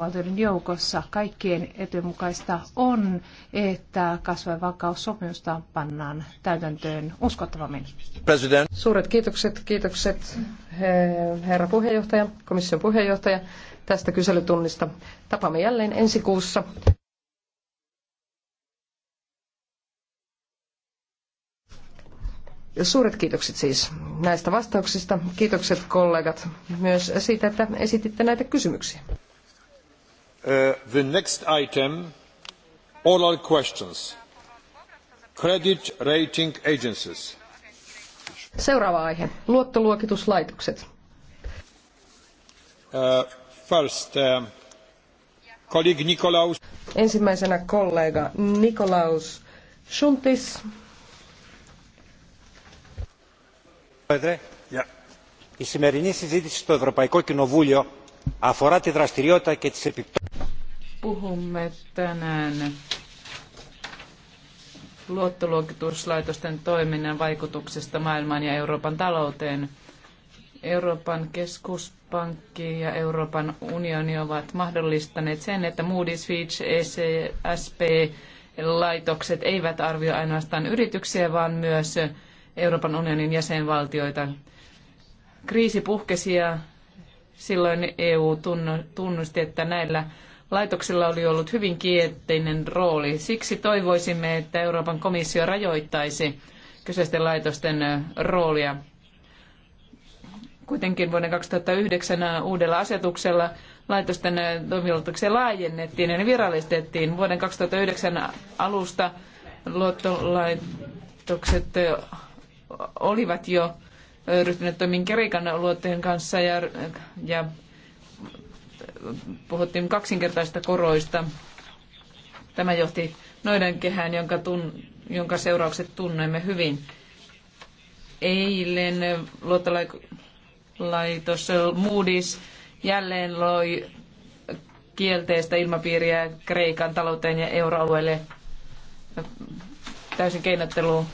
valtioiden joukossa kaikkien etymukaista mukaista on, että kasvojen vakaussopimusta pannaan täytäntöön uskottavammin. President. Suuret kiitokset, kiitokset herra puheenjohtaja, komission puheenjohtaja tästä kyselytunnista. Tapaamme jälleen ensi kuussa. Suuret kiitokset siis näistä vastauksista. Kiitokset kollegat myös siitä, että esititte näitä kysymyksiä. Uh, the next item, oral questions. Credit rating agencies. Seuraava aihe, luottoluokituslaitokset. Uh, first, uh, colleague Nikolaus. Ensimmäisenä kollega Nikolaus Schuntis. Πρόεδρε, yeah. η σημερινή συζήτηση στο Ευρωπαϊκό Κοινοβούλιο Puhumme tänään luottoluokituslaitosten toiminnan vaikutuksesta maailman ja Euroopan talouteen. Euroopan keskuspankki ja Euroopan unioni ovat mahdollistaneet sen, että Moody's, Fitch, SP laitokset eivät arvioi ainoastaan yrityksiä, vaan myös Euroopan unionin jäsenvaltioita. Kriisi puhkesi ja Silloin EU tunnusti, että näillä laitoksilla oli ollut hyvin kielteinen rooli. Siksi toivoisimme, että Euroopan komissio rajoittaisi kyseisten laitosten roolia. Kuitenkin vuonna 2009 uudella asetuksella laitosten toimivaltuuksia laajennettiin ja ne virallistettiin. Vuoden 2009 alusta luottolaitokset olivat jo ryhtyneet toimiin Kreikan luottojen kanssa ja, ja puhuttiin kaksinkertaista koroista. Tämä johti noiden kehään, jonka, tun, jonka seuraukset tunnemme hyvin. Eilen luottolaitos Moody's jälleen loi kielteistä ilmapiiriä Kreikan talouteen ja euroalueelle täysin keinotteluun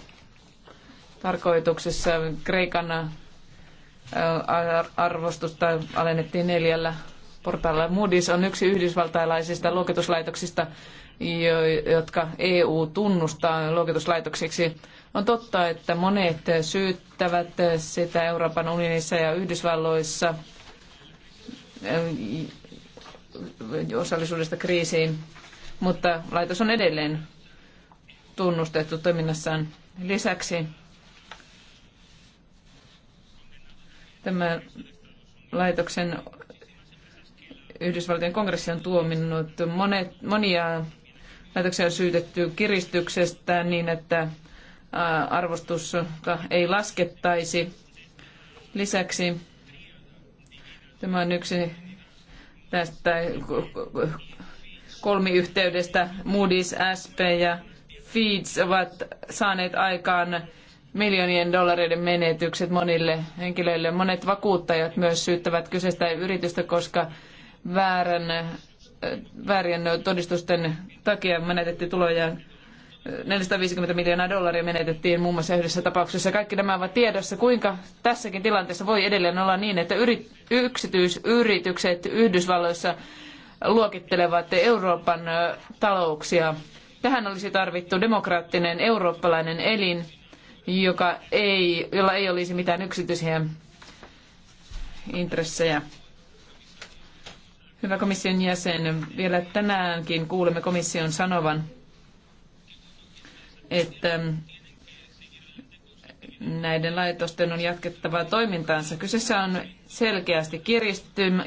tarkoituksessa Kreikan arvostusta alennettiin neljällä portailla. Moody's on yksi yhdysvaltalaisista luokituslaitoksista, jotka EU tunnustaa luokituslaitoksiksi. On totta, että monet syyttävät sitä Euroopan unionissa ja Yhdysvalloissa osallisuudesta kriisiin, mutta laitos on edelleen tunnustettu toiminnassaan. Lisäksi Tämän laitoksen Yhdysvaltojen kongressi on tuominnut monet, monia laitoksia on syytetty kiristyksestä niin, että arvostusta ei laskettaisi. Lisäksi tämä on yksi tästä kolmiyhteydestä. Moody's, SP ja Feeds ovat saaneet aikaan miljoonien dollareiden menetykset monille henkilöille. Monet vakuuttajat myös syyttävät kyseistä yritystä, koska väärän, väärien todistusten takia menetettiin tuloja 450 miljoonaa dollaria menetettiin muun muassa yhdessä tapauksessa. Kaikki nämä ovat tiedossa. Kuinka tässäkin tilanteessa voi edelleen olla niin, että yrit, yksityisyritykset Yhdysvalloissa luokittelevat Euroopan talouksia? Tähän olisi tarvittu demokraattinen eurooppalainen elin, joka ei, jolla ei olisi mitään yksityisiä intressejä. Hyvä komission jäsen, vielä tänäänkin kuulemme komission sanovan, että näiden laitosten on jatkettava toimintaansa. Kyseessä on selkeästi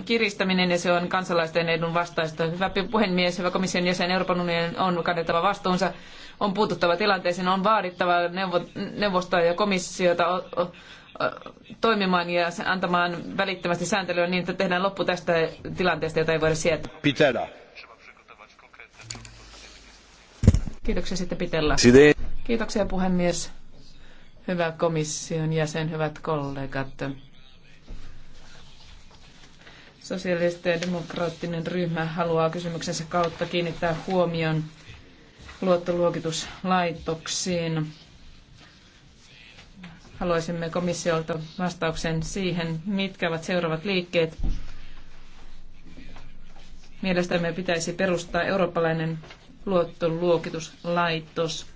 kiristäminen ja se on kansalaisten edun vastaista. Hyvä puhemies, hyvä komission jäsen, Euroopan unionin on kannettava vastuunsa, on puututtava tilanteeseen, on vaadittava neuvostoa ja komissiota toimimaan ja antamaan välittömästi sääntelyä niin, että tehdään loppu tästä tilanteesta, jota ei voida sietää. Pitellä. Kiitoksia sitten Pitellä. Kiitoksia puhemies. Hyvä komission jäsen, hyvät kollegat. Sosiaalisten ja demokraattinen ryhmä haluaa kysymyksensä kautta kiinnittää huomion luottoluokituslaitoksiin. Haluaisimme komissiolta vastauksen siihen, mitkä ovat seuraavat liikkeet. Mielestämme pitäisi perustaa eurooppalainen luottoluokituslaitos.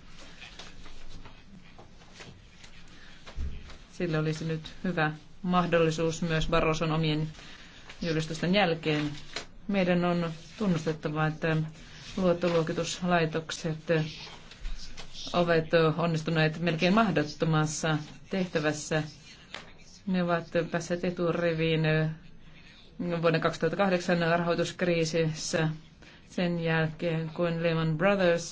sille olisi nyt hyvä mahdollisuus myös Barroson omien julistusten jälkeen. Meidän on tunnustettava, että luottoluokituslaitokset ovat onnistuneet melkein mahdottomassa tehtävässä. Ne ovat päässeet eturiviin vuoden 2008 rahoituskriisissä sen jälkeen, kun Lehman Brothers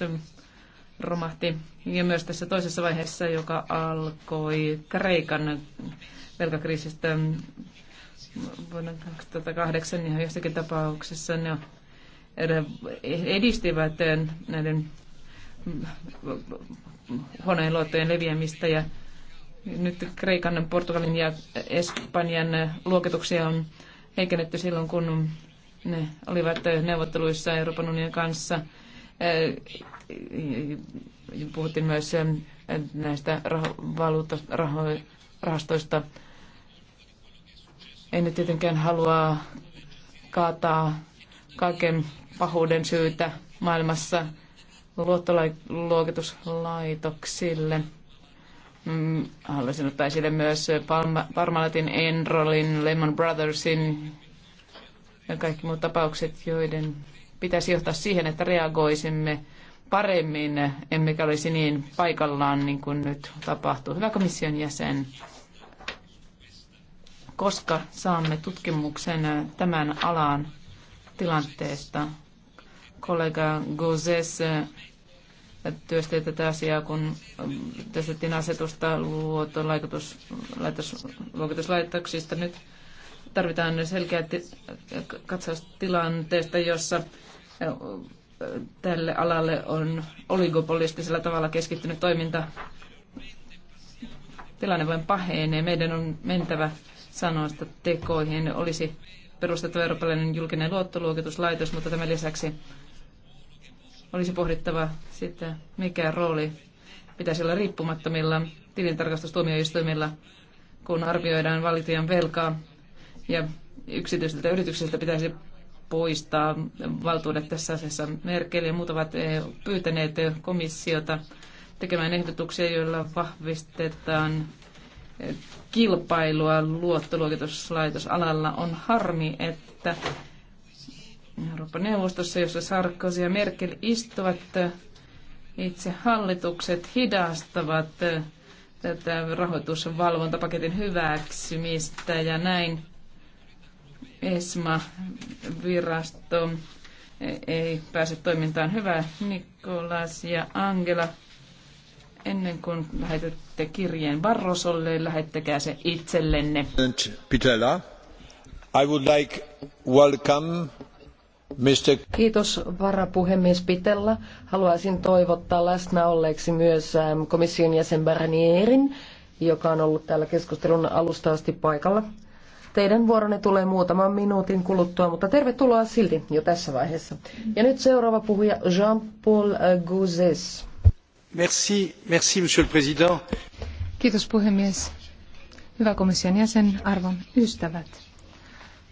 romahti. Ja myös tässä toisessa vaiheessa, joka alkoi Kreikan velkakriisistä vuonna 2008, niin jossakin tapauksessa ne edistivät näiden huoneen luottojen leviämistä ja nyt Kreikan, Portugalin ja Espanjan luokituksia on heikennetty silloin, kun ne olivat neuvotteluissa Euroopan unionin kanssa Puhuttiin myös ähm, näistä valuutta, raho- rahastoista. En nyt tietenkään halua kaataa kaiken pahuuden syytä maailmassa luottoluokituslaitoksille. Mm, haluaisin ottaa esille myös Parmalatin, Enrolin, Lehman Brothersin ja kaikki muut tapaukset, joiden pitäisi johtaa siihen, että reagoisimme paremmin, emmekä olisi niin paikallaan niin kuin nyt tapahtuu. Hyvä komission jäsen, koska saamme tutkimuksen tämän alan tilanteesta. Kollega Gozes työsti tätä asiaa, kun testettiin asetusta luottolaitosluokituslaitoksista. Nyt tarvitaan selkeä katsaus tilanteesta, jossa tälle alalle on oligopolistisella tavalla keskittynyt toiminta. Tilanne vain pahenee. Meidän on mentävä sanoista tekoihin. Olisi perustettava eurooppalainen julkinen luottoluokituslaitos, mutta tämän lisäksi olisi pohdittava sitä, mikä rooli pitäisi olla riippumattomilla tilintarkastustuomioistuimilla, kun arvioidaan valitujen velkaa. Ja yksityisiltä yrityksiltä pitäisi poistaa valtuudet tässä asiassa. Merkel ja muut ovat eh, pyytäneet komissiota tekemään ehdotuksia, joilla vahvistetaan eh, kilpailua luottoluokituslaitosalalla. On harmi, että Euroopan neuvostossa, jossa Sarkozy ja Merkel istuvat, eh, itse hallitukset hidastavat tätä rahoitusvalvontapaketin hyväksymistä ja näin ESMA-virasto e, ei pääse toimintaan. Hyvä Nikolas ja Angela, ennen kuin lähetätte kirjeen Barrosolle, lähettäkää se itsellenne. Pitella, I would like welcome Mr. Kiitos varapuhemies Pitella. Haluaisin toivottaa läsnä olleeksi myös ähm, komission jäsen Barnierin, joka on ollut täällä keskustelun alusta asti paikalla. Teidän vuoronne tulee muutaman minuutin kuluttua, mutta tervetuloa silti jo tässä vaiheessa. Ja nyt seuraava puhuja Jean-Paul Gouzes. Merci, merci, monsieur le président. Kiitos puhemies. Hyvä komission jäsen, arvon ystävät.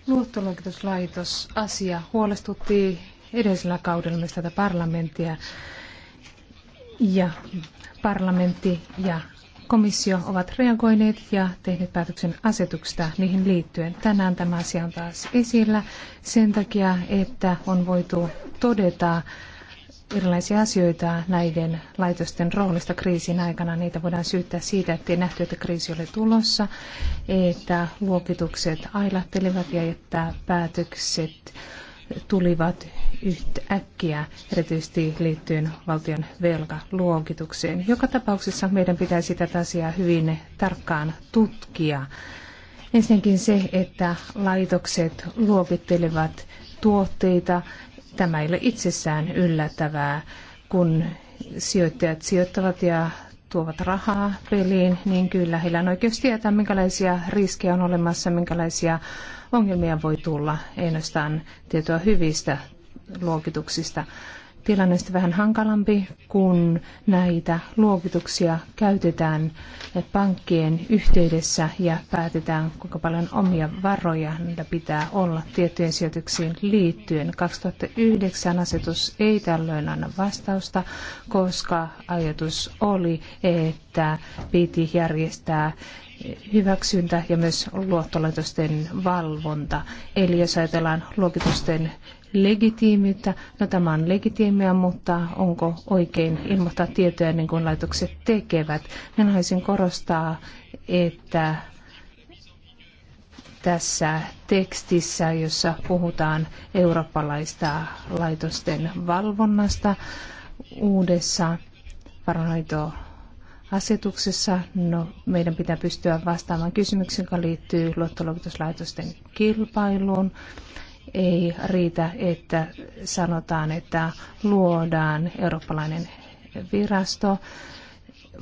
Luottoluokituslaitos asia huolestutti edellisellä kaudella myös tätä parlamenttia ja parlamentti ja komissio ovat reagoineet ja tehneet päätöksen asetuksesta niihin liittyen. Tänään tämä asia on taas esillä sen takia, että on voitu todeta erilaisia asioita näiden laitosten roolista kriisin aikana. Niitä voidaan syyttää siitä, ettei nähty, että kriisi oli tulossa, että luokitukset ailahtelivat ja että päätökset tulivat yhtäkkiä, erityisesti liittyen valtion velkaluokitukseen. Joka tapauksessa meidän pitäisi tätä asiaa hyvin tarkkaan tutkia. Ensinnäkin se, että laitokset luokittelevat tuotteita, tämä ei ole itsessään yllättävää, kun sijoittajat sijoittavat ja tuovat rahaa peliin, niin kyllä heillä on oikeus tietää, minkälaisia riskejä on olemassa, minkälaisia ongelmia voi tulla ei ainoastaan tietoa hyvistä luokituksista, tilanne on vähän hankalampi, kun näitä luokituksia käytetään pankkien yhteydessä ja päätetään, kuinka paljon omia varoja niillä pitää olla tiettyjen sijoituksiin liittyen. 2009 asetus ei tällöin anna vastausta, koska ajatus oli, että piti järjestää hyväksyntä ja myös luottolaitosten valvonta. Eli jos ajatellaan luokitusten legitiimiä. No tämä on legitiimiä, mutta onko oikein ilmoittaa tietoja niin kuin laitokset tekevät? Minä haluaisin korostaa, että tässä tekstissä, jossa puhutaan eurooppalaista laitosten valvonnasta uudessa varanhoito asetuksessa. No, meidän pitää pystyä vastaamaan kysymyksiin, joka liittyy luottoluokituslaitosten kilpailuun ei riitä, että sanotaan, että luodaan eurooppalainen virasto,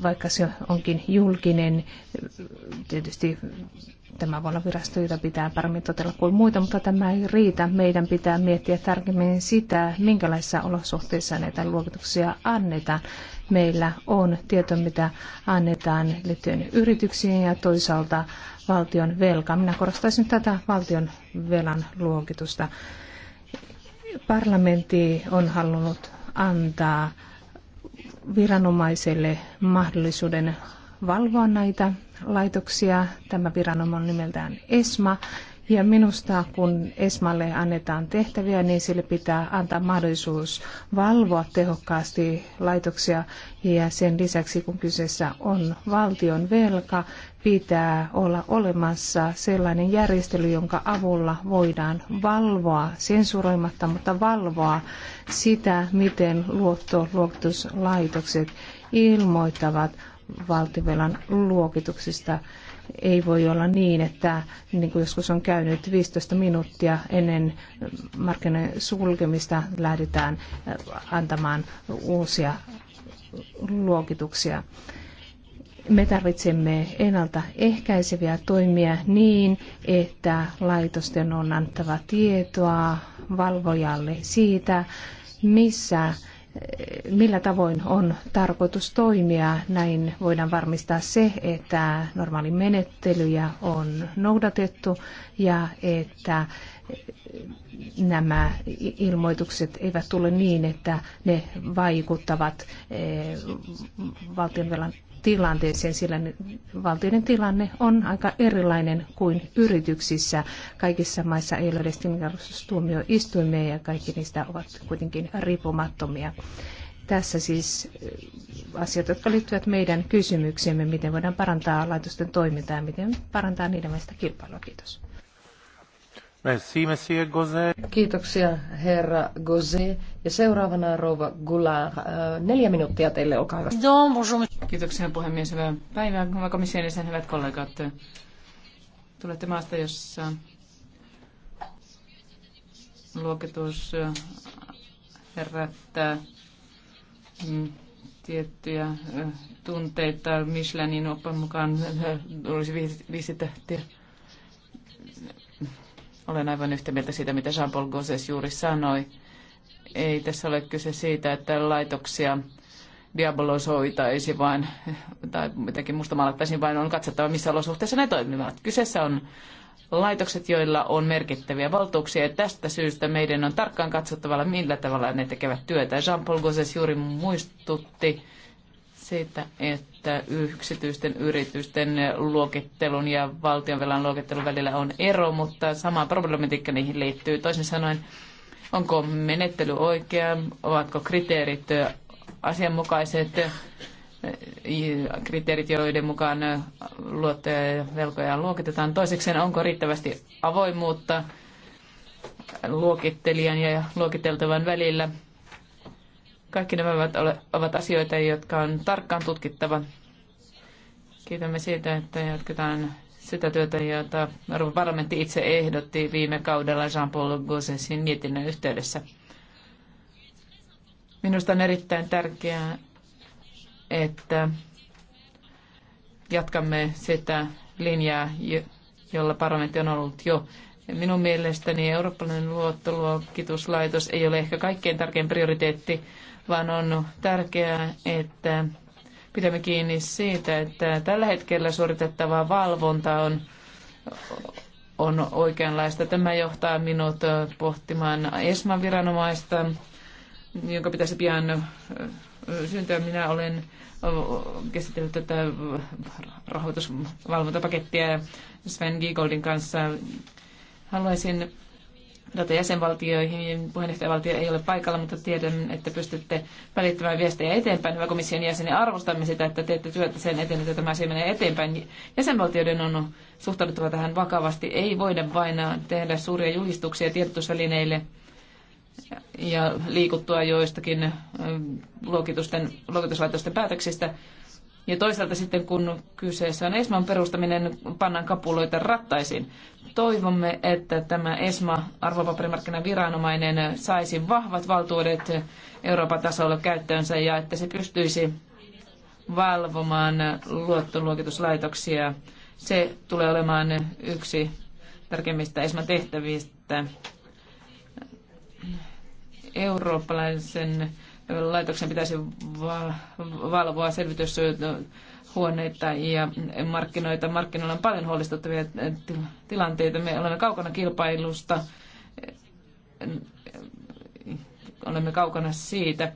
vaikka se onkin julkinen, tietysti Tämä vuonna virastoita pitää paremmin totella kuin muita, mutta tämä ei riitä. Meidän pitää miettiä tarkemmin sitä, minkälaisissa olosuhteissa näitä luokituksia annetaan. Meillä on tieto, mitä annetaan liittyen yrityksiin ja toisaalta valtion velka. Minä korostaisin tätä valtion velan luokitusta. Parlamentti on halunnut antaa viranomaiselle mahdollisuuden valvoa näitä laitoksia. Tämä viranomainen nimeltään ESMA. Ja minusta kun ESMAlle annetaan tehtäviä, niin sille pitää antaa mahdollisuus valvoa tehokkaasti laitoksia. Ja sen lisäksi, kun kyseessä on valtion velka, pitää olla olemassa sellainen järjestely, jonka avulla voidaan valvoa, sensuroimatta, mutta valvoa sitä, miten luottoluokituslaitokset ilmoittavat valtivelan luokituksista. Ei voi olla niin, että niin kuin joskus on käynyt 15 minuuttia ennen markkinoiden sulkemista lähdetään äh, antamaan uusia luokituksia. Me tarvitsemme ennaltaehkäiseviä toimia niin, että laitosten on antava tietoa valvojalle siitä, missä millä tavoin on tarkoitus toimia. Näin voidaan varmistaa se, että normaali menettelyjä on noudatettu ja että nämä ilmoitukset eivät tule niin, että ne vaikuttavat eh, valtionvelan tilanteeseen, sillä valtioiden tilanne on aika erilainen kuin yrityksissä. Kaikissa maissa ei ole tuomioistuimia ja kaikki niistä ovat kuitenkin riippumattomia. Tässä siis eh, asiat, jotka liittyvät meidän kysymyksiimme, miten voidaan parantaa laitosten toimintaa ja miten parantaa niiden välistä kilpailua. Kiitos. Merci, monsieur Kiitoksia, herra Gose. Ja seuraavana rouva Goulard. Äh, neljä minuuttia teille, olkaa hyvä. Kiitoksia, puhemies. Hyvää päivää, hyvä komission jäsen, hyvät kollegat. Tulette maasta, jossa luokitus äh, herättää mm, tiettyjä äh, tunteita. Michelinin oppan mukaan olisi viisi tähtiä olen aivan yhtä mieltä siitä, mitä Jean-Paul Gosses juuri sanoi. Ei tässä ole kyse siitä, että laitoksia diabolosoitaisi vaan, tai mitenkin mustamaalattaisiin, vaan on katsottava, missä olosuhteissa ne toimivat. Kyseessä on laitokset, joilla on merkittäviä valtuuksia, ja tästä syystä meidän on tarkkaan katsottavalla, millä tavalla ne tekevät työtä. Jean-Paul Gosses juuri muistutti, siitä, että yksityisten yritysten luokittelun ja valtionvelan luokittelun välillä on ero, mutta sama problematiikka niihin liittyy. Toisin sanoen, onko menettely oikea, ovatko kriteerit asianmukaiset, kriteerit, joiden mukaan luottoja ja velkoja luokitetaan. Toisekseen, onko riittävästi avoimuutta luokittelijan ja luokiteltavan välillä – kaikki nämä ovat, ovat asioita, jotka on tarkkaan tutkittava. Kiitämme siitä, että jatketaan sitä työtä, jota Euroopan parlamentti itse ehdotti viime kaudella Jean-Paul Gossesin mietinnön yhteydessä. Minusta on erittäin tärkeää, että jatkamme sitä linjaa, jolla parlamentti on ollut jo. Minun mielestäni eurooppalainen luottoluokituslaitos ei ole ehkä kaikkein tärkein prioriteetti vaan on tärkeää, että pidämme kiinni siitä, että tällä hetkellä suoritettava valvonta on, on oikeanlaista. Tämä johtaa minut pohtimaan ESMAn viranomaista, jonka pitäisi pian syntyä. Minä olen käsitellyt tätä rahoitusvalvontapakettia Sven Giegoldin kanssa. Haluaisin data jäsenvaltioihin. Puheenjohtajavaltio ei ole paikalla, mutta tiedän, että pystytte välittämään viestejä eteenpäin. Hyvä komission jäsenen, arvostamme sitä, että teette työtä sen eteen, että tämä asia menee eteenpäin. Jäsenvaltioiden on suhtauduttava tähän vakavasti. Ei voida vain tehdä suuria julistuksia tiedotusvälineille ja liikuttua joistakin luokitusten, luokituslaitosten päätöksistä. Ja toisaalta sitten kun kyseessä on ESMAn perustaminen, pannaan kapuloita rattaisiin. Toivomme, että tämä ESMA, arvopaperimarkkinaviranomainen, saisi vahvat valtuudet Euroopan tasolla käyttöönsä ja että se pystyisi valvomaan luottoluokituslaitoksia. Se tulee olemaan yksi tärkeimmistä ESMAn tehtävistä. Eurooppalaisen laitoksen pitäisi valvoa selvityshuoneita ja markkinoita. Markkinoilla on paljon huolestuttavia tilanteita. Me olemme kaukana kilpailusta, olemme kaukana siitä.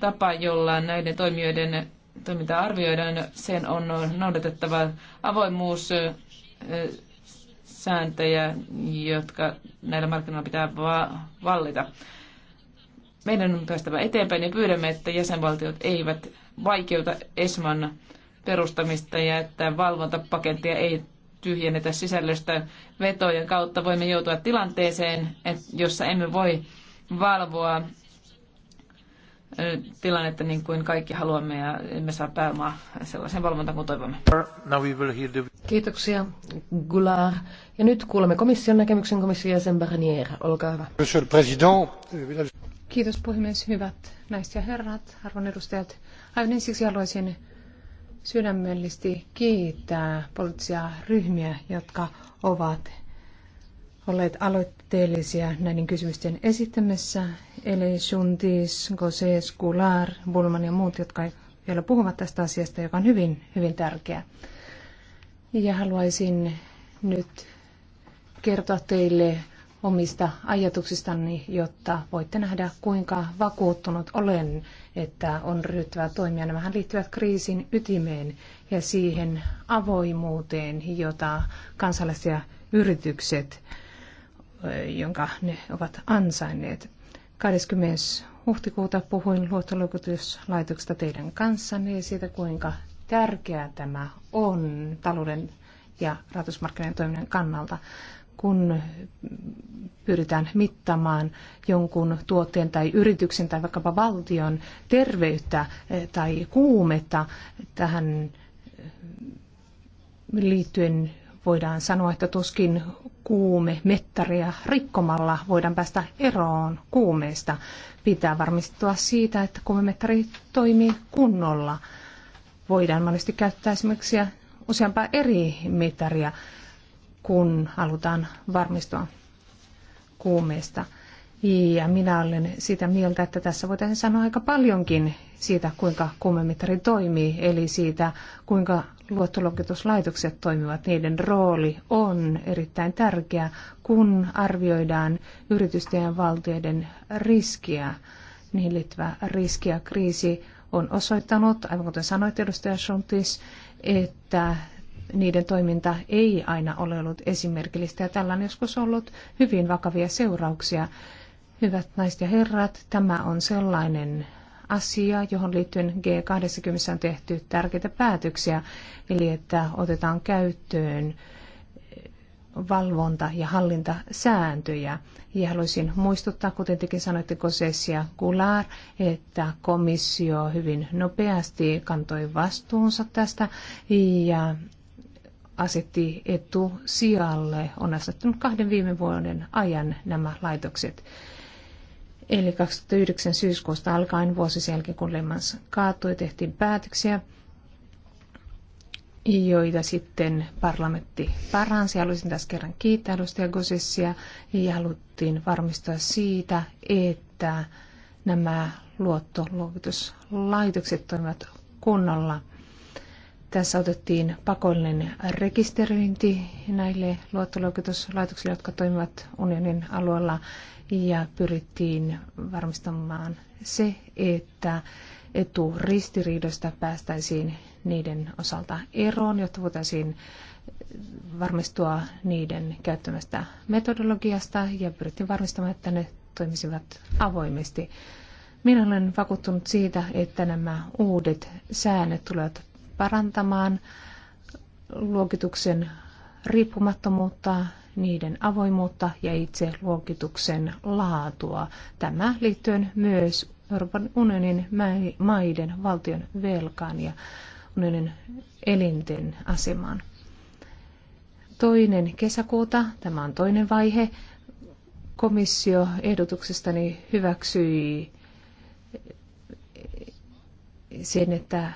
Tapa, jolla näiden toimijoiden toimintaa arvioidaan, sen on noudatettava avoimuus sääntöjä, jotka näillä markkinoilla pitää vallita. Meidän on päästävä eteenpäin ja pyydämme, että jäsenvaltiot eivät vaikeuta ESMAN perustamista ja että valvontapakettia ei tyhjennetä sisällöstä vetojen kautta. Voimme joutua tilanteeseen, jossa emme voi valvoa tilannetta niin kuin kaikki haluamme ja emme saa pääomaa sellaisen valvontaan kuin toivomme. Kiitoksia, Gular. Ja nyt kuulemme komission näkemyksen komission jäsen Barnier. Olkaa hyvä. Monsieur le Président, Kiitos puhemies, hyvät naiset ja herrat, arvon edustajat. Aivan ensiksi haluaisin sydämellisesti kiittää poliittisia ryhmiä, jotka ovat olleet aloitteellisia näiden kysymysten esittämässä. Eli Shuntis, Gose, Kular, Bulman ja muut, jotka vielä puhuvat tästä asiasta, joka on hyvin, hyvin tärkeä. Ja haluaisin nyt kertoa teille omista ajatuksistani, jotta voitte nähdä, kuinka vakuuttunut olen, että on ryhtyvä toimia. Nämähän liittyvät kriisin ytimeen ja siihen avoimuuteen, jota kansalaiset ja yritykset, jonka ne ovat ansainneet. 20. huhtikuuta puhuin luottoluokituslaitoksesta teidän kanssanne ja siitä, kuinka tärkeää tämä on talouden ja rahoitusmarkkinoiden toiminnan kannalta kun pyritään mittaamaan jonkun tuotteen tai yrityksen tai vaikkapa valtion terveyttä eh, tai kuumetta tähän eh, liittyen voidaan sanoa, että tuskin kuume mettaria rikkomalla voidaan päästä eroon kuumeesta. Pitää varmistua siitä, että kuumemettari toimii kunnolla. Voidaan mahdollisesti käyttää esimerkiksi useampaa eri mittaria kun halutaan varmistua kuumeesta. Ja minä olen sitä mieltä, että tässä voitaisiin sanoa aika paljonkin siitä, kuinka kuumemittari toimii, eli siitä, kuinka luottoluokituslaitokset toimivat. Niiden rooli on erittäin tärkeä, kun arvioidaan yritysten ja valtioiden riskiä, niihin riski riskiä. Kriisi on osoittanut, aivan kuten sanoit edustaja Schultis, että niiden toiminta ei aina ole ollut esimerkillistä ja tällä on joskus ollut hyvin vakavia seurauksia. Hyvät naiset ja herrat, tämä on sellainen asia, johon liittyen G20 on tehty tärkeitä päätöksiä, eli että otetaan käyttöön valvonta- ja hallintasääntöjä. Ja haluaisin muistuttaa, kuten tekin sanoitte Koses Kular, että komissio hyvin nopeasti kantoi vastuunsa tästä ja asetti etu sijalle, on asettanut kahden viime vuoden ajan nämä laitokset. Eli 2009 syyskuusta alkaen vuosi sen jälkeen, kun Lehmans kaatui, tehtiin päätöksiä, joita sitten parlamentti paransi. Haluaisin tässä kerran kiittää edustaja Gosessia ja haluttiin varmistaa siitä, että nämä luottoluokituslaitokset toimivat kunnolla – tässä otettiin pakollinen rekisteröinti näille luottoluokituslaitoksille, jotka toimivat unionin alueella, ja pyrittiin varmistamaan se, että eturistiriidosta päästäisiin niiden osalta eroon, jotta voitaisiin varmistua niiden käyttämästä metodologiasta ja pyrittiin varmistamaan, että ne toimisivat avoimesti. Minä olen vakuuttunut siitä, että nämä uudet säännöt tulevat parantamaan luokituksen riippumattomuutta, niiden avoimuutta ja itse luokituksen laatua. Tämä liittyen myös Euroopan unionin maiden valtion velkaan ja unionin elinten asemaan. Toinen kesäkuuta, tämä on toinen vaihe, komissio ehdotuksestani hyväksyi sen, että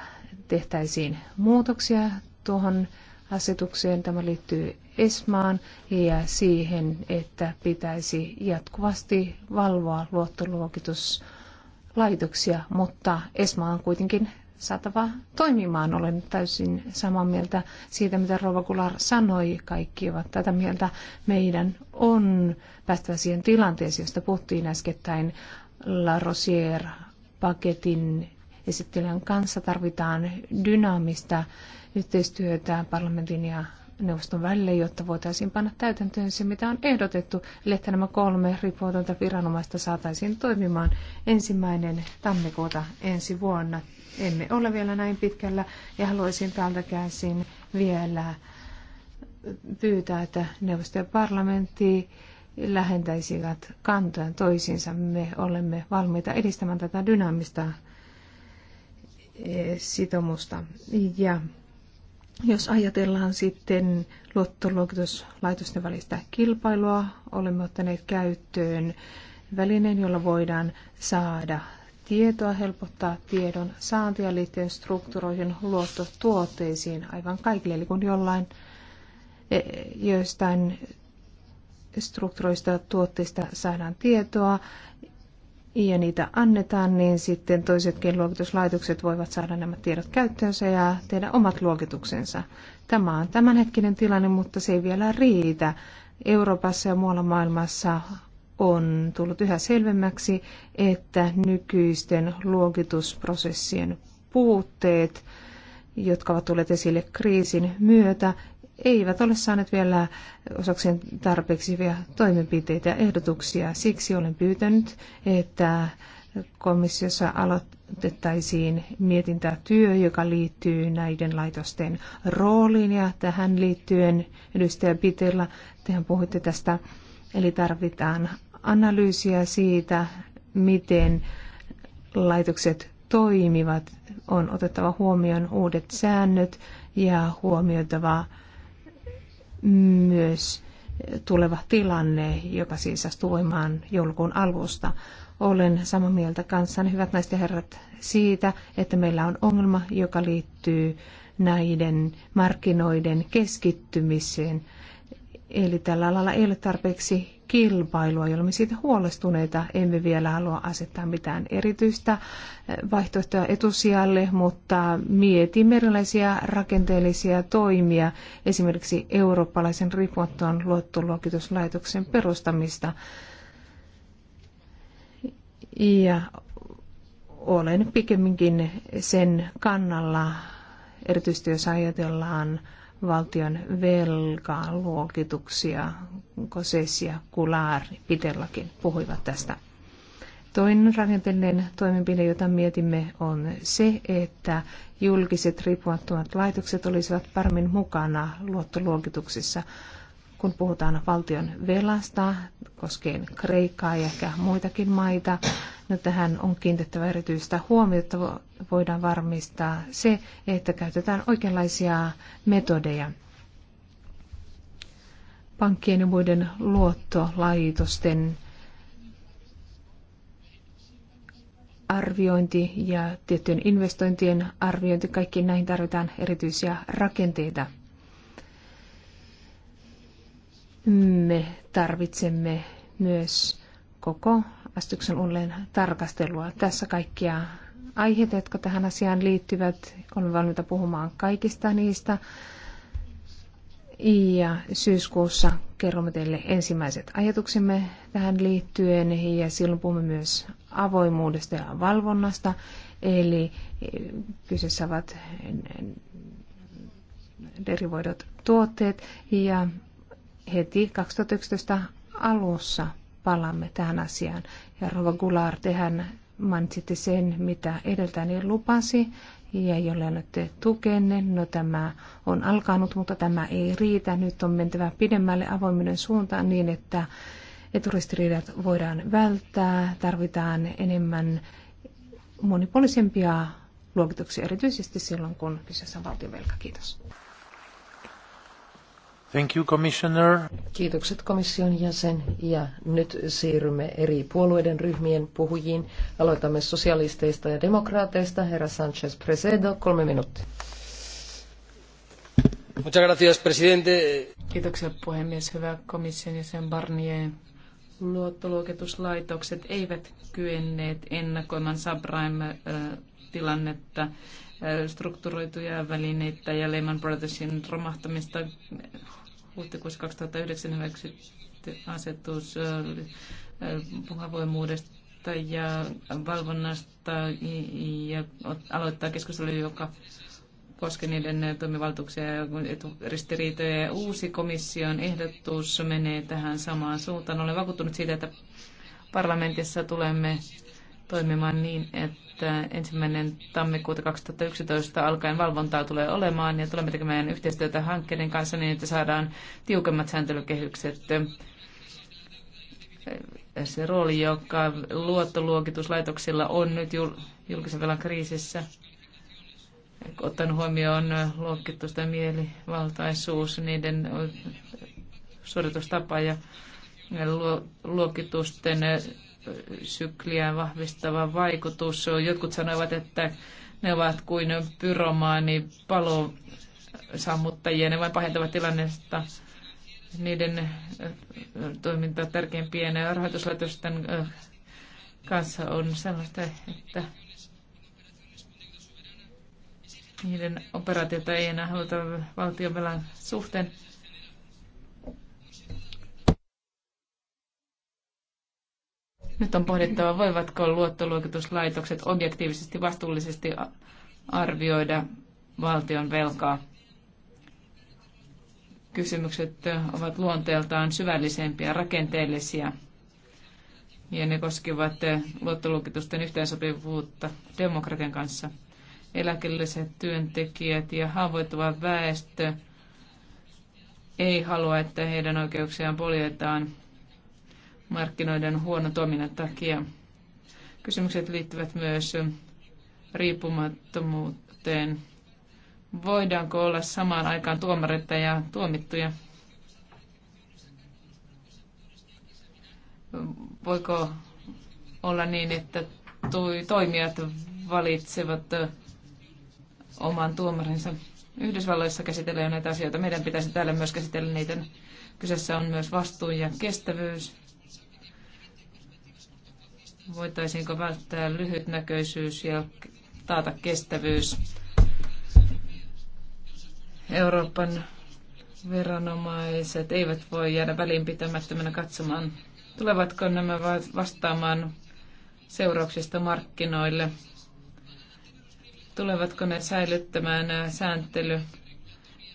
tehtäisiin muutoksia tuohon asetukseen. Tämä liittyy ESMAan ja siihen, että pitäisi jatkuvasti valvoa luottoluokituslaitoksia, mutta ESMA on kuitenkin saatava toimimaan. Olen täysin samaa mieltä siitä, mitä Rova Kular sanoi. Kaikki ovat tätä mieltä. Meidän on päästävä siihen tilanteeseen, josta puhuttiin äskettäin La Rosière paketin esittelijän kanssa tarvitaan dynaamista yhteistyötä parlamentin ja neuvoston välille, jotta voitaisiin panna täytäntöön se, mitä on ehdotettu, eli että nämä kolme riippumatonta viranomaista saataisiin toimimaan ensimmäinen tammikuuta ensi vuonna. Emme ole vielä näin pitkällä ja haluaisin täältä käsin vielä pyytää, että neuvosto ja parlamentti lähentäisivät kantoja toisiinsa. Me olemme valmiita edistämään tätä dynaamista sitomusta. Ja jos ajatellaan sitten luottoluokituslaitosten välistä kilpailua, olemme ottaneet käyttöön välineen, jolla voidaan saada tietoa, helpottaa tiedon saantia liittyen strukturoihin luottotuotteisiin aivan kaikille. Eli kun jollain e, joistain strukturoista tuotteista saadaan tietoa, ja niitä annetaan, niin sitten toisetkin luokituslaitokset voivat saada nämä tiedot käyttöönsä ja tehdä omat luokituksensa. Tämä on tämänhetkinen tilanne, mutta se ei vielä riitä. Euroopassa ja muualla maailmassa on tullut yhä selvemmäksi, että nykyisten luokitusprosessien puutteet, jotka ovat tulleet esille kriisin myötä, eivät ole saaneet vielä osakseen tarpeeksi hyviä toimenpiteitä ja ehdotuksia. Siksi olen pyytänyt, että komissiossa aloitettaisiin mietintätyö, joka liittyy näiden laitosten rooliin ja tähän liittyen edustaja Pitellä, tehän puhuitte tästä, eli tarvitaan analyysiä siitä, miten laitokset toimivat, on otettava huomioon uudet säännöt ja huomioitava myös tuleva tilanne, joka siis astuu voimaan joulukuun alusta. Olen samaa mieltä kanssanne, hyvät naiset ja herrat, siitä, että meillä on ongelma, joka liittyy näiden markkinoiden keskittymiseen Eli tällä alalla ei ole tarpeeksi kilpailua, jolloin me siitä huolestuneita emme vielä halua asettaa mitään erityistä eh, vaihtoehtoja etusijalle, mutta mietimme erilaisia rakenteellisia toimia, esimerkiksi eurooppalaisen riippumattoman luottoluokituslaitoksen perustamista. Ja olen pikemminkin sen kannalla, erityisesti jos ajatellaan valtion velkaluokituksia, Koses ja Kular Pitellakin puhuivat tästä. Toinen rakenteellinen toimenpide, jota mietimme, on se, että julkiset riippumattomat laitokset olisivat paremmin mukana luottoluokituksissa kun puhutaan valtion velasta, koskien Kreikkaa ja ehkä muitakin maita, no tähän on kiinnitettävä erityistä huomiota, voidaan varmistaa se, että käytetään oikeanlaisia metodeja pankkien ja muiden luottolaitosten arviointi ja tiettyjen investointien arviointi, kaikki näihin tarvitaan erityisiä rakenteita – me tarvitsemme myös koko astuksen uudelleen tarkastelua. Tässä kaikkia aiheita, jotka tähän asiaan liittyvät. Olemme valmiita puhumaan kaikista niistä. Ja syyskuussa kerromme teille ensimmäiset ajatuksemme tähän liittyen ja silloin puhumme myös avoimuudesta ja valvonnasta. Eli e, kyseessä ovat derivoidot tuotteet ja heti 2011 alussa palaamme tähän asiaan. Ja Rova Gular, tehän mainitsitte sen, mitä edeltäni lupasi, ja jolle olette tukenne. No tämä on alkanut, mutta tämä ei riitä. Nyt on mentävä pidemmälle avoimuuden suuntaan niin, että eturistiriidat voidaan välttää. Tarvitaan enemmän monipuolisempia luokituksia, erityisesti silloin, kun kyseessä on valtionvelka. Kiitos. Thank you, Commissioner. Kiitokset komission jäsen. Ja nyt siirrymme eri puolueiden ryhmien puhujiin. Aloitamme sosialisteista ja demokraateista. Herra Sanchez Presedo, kolme minuuttia. Muchas gracias, presidente. Kiitoksia puhemies. Hyvä komission jäsen Barnier. Luottoluokituslaitokset eivät kyenneet ennakoimaan subprime-tilannetta strukturoituja välineitä ja Lehman Brothersin romahtamista huhtikuussa 2009 hyväksytty asetus puheenvoimuudesta ja valvonnasta ja aloittaa keskustelu, joka koskee niiden toimivaltuuksia ja ristiriitoja. Ja uusi komission ehdotus menee tähän samaan suuntaan. Olen vakuuttunut siitä, että parlamentissa tulemme toimimaan niin, että ensimmäinen tammikuuta 2011 alkaen valvontaa tulee olemaan ja tulemme tekemään yhteistyötä hankkeiden kanssa niin, että saadaan tiukemmat sääntelykehykset. Se rooli, joka luottoluokituslaitoksilla on nyt julkisen velan kriisissä, ottanut huomioon luokitusten mielivaltaisuus, niiden suoritustapa ja luokitusten sykliä vahvistava vaikutus. Jotkut sanoivat, että ne ovat kuin pyromaani palosammuttajia. Ne vain pahentavat tilannetta niiden äh, toiminta tärkeimpien rahoituslaitosten äh, kanssa on sellaista, että niiden operaatiota ei enää haluta valtionvelan suhteen. Nyt on pohdittava, voivatko luottoluokituslaitokset objektiivisesti vastuullisesti arvioida valtion velkaa. Kysymykset ovat luonteeltaan syvällisempiä, rakenteellisia ja ne koskevat luottoluokitusten yhteensopivuutta demokratian kanssa. Eläkelliset työntekijät ja haavoittuva väestö ei halua, että heidän oikeuksiaan poljetaan markkinoiden huono toiminnan takia. Kysymykset liittyvät myös riippumattomuuteen. Voidaanko olla samaan aikaan tuomareita ja tuomittuja? Voiko olla niin, että toimijat valitsevat oman tuomarinsa? Yhdysvalloissa käsitellään näitä asioita. Meidän pitäisi täällä myös käsitellä niitä. Kyseessä on myös vastuu ja kestävyys. Voitaisiinko välttää lyhytnäköisyys ja taata kestävyys? Euroopan viranomaiset eivät voi jäädä välinpitämättömänä katsomaan, tulevatko nämä vastaamaan seurauksista markkinoille. Tulevatko ne säilyttämään sääntely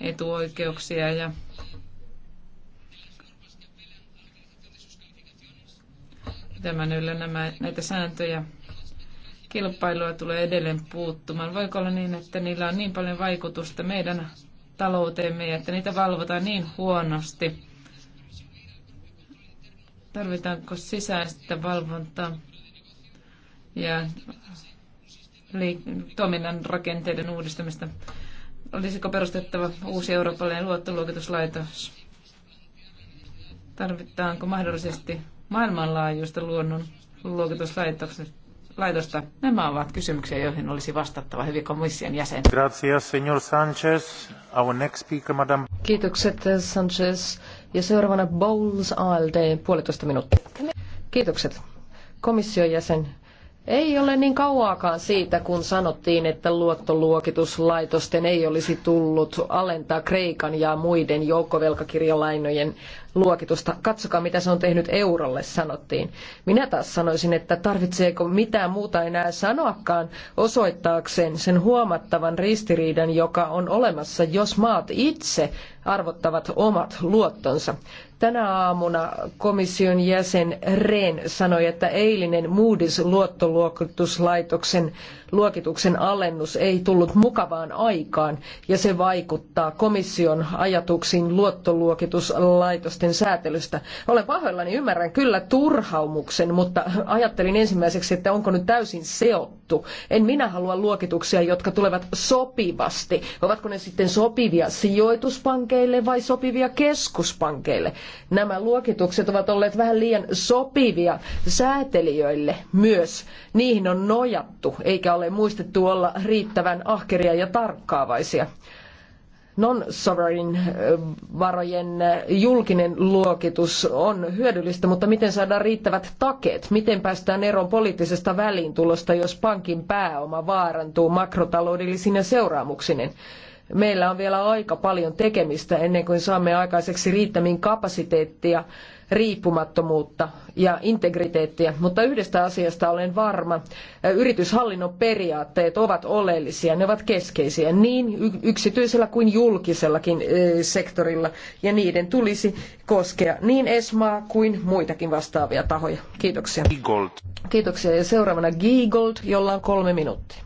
etuoikeuksia ja pitämään yllä nämä, näitä sääntöjä. Kilpailua tulee edelleen puuttumaan. Voiko olla niin, että niillä on niin paljon vaikutusta meidän talouteemme ja että niitä valvotaan niin huonosti? Tarvitaanko sisäistä valvontaa ja liik- toiminnan rakenteiden uudistamista? Olisiko perustettava uusi eurooppalainen luottoluokituslaitos? Tarvitaanko mahdollisesti maailmanlaajuista luonnon luokituslaitosta. Nämä ovat kysymyksiä, joihin olisi vastattava hyvin komission jäsen. Gracias, señor Sanchez. Our next speaker, madam. Kiitokset, eh, Sanchez. Ja seuraavana Bowles ALD, puolitoista minuuttia. Kiitokset. Komission jäsen ei ole niin kauaakaan siitä, kun sanottiin, että luottoluokituslaitosten ei olisi tullut alentaa Kreikan ja muiden joukkovelkakirjalainojen luokitusta. Katsokaa, mitä se on tehnyt eurolle, sanottiin. Minä taas sanoisin, että tarvitseeko mitään muuta enää sanoakaan osoittaakseen sen huomattavan ristiriidan, joka on olemassa, jos maat itse arvottavat omat luottonsa. Tänä aamuna komission jäsen Rehn sanoi, että eilinen Moody's luottoluokituslaitoksen luokituksen alennus ei tullut mukavaan aikaan ja se vaikuttaa komission ajatuksiin luottoluokituslaitosten säätelystä. Olen pahoillani, ymmärrän kyllä turhaumuksen, mutta ajattelin ensimmäiseksi, että onko nyt täysin seottu. En minä halua luokituksia, jotka tulevat sopivasti. Ovatko ne sitten sopivia sijoituspankeille vai sopivia keskuspankeille? Nämä luokitukset ovat olleet vähän liian sopivia säätelijöille myös. Niihin on nojattu, eikä ole muistettu olla riittävän ahkeria ja tarkkaavaisia non-sovereign äh, varojen äh, julkinen luokitus on hyödyllistä, mutta miten saadaan riittävät takeet? Miten päästään eroon poliittisesta väliintulosta, jos pankin pääoma vaarantuu makrotaloudellisina seuraamuksineen? Meillä on vielä aika paljon tekemistä ennen kuin saamme aikaiseksi riittämin kapasiteettia riippumattomuutta ja integriteettiä, mutta yhdestä asiasta olen varma. Yrityshallinnon periaatteet ovat oleellisia, ne ovat keskeisiä niin yksityisellä kuin julkisellakin e, sektorilla ja niiden tulisi koskea niin ESMAa kuin muitakin vastaavia tahoja. Kiitoksia. Kiitoksia ja seuraavana Giegold, jolla on kolme minuuttia.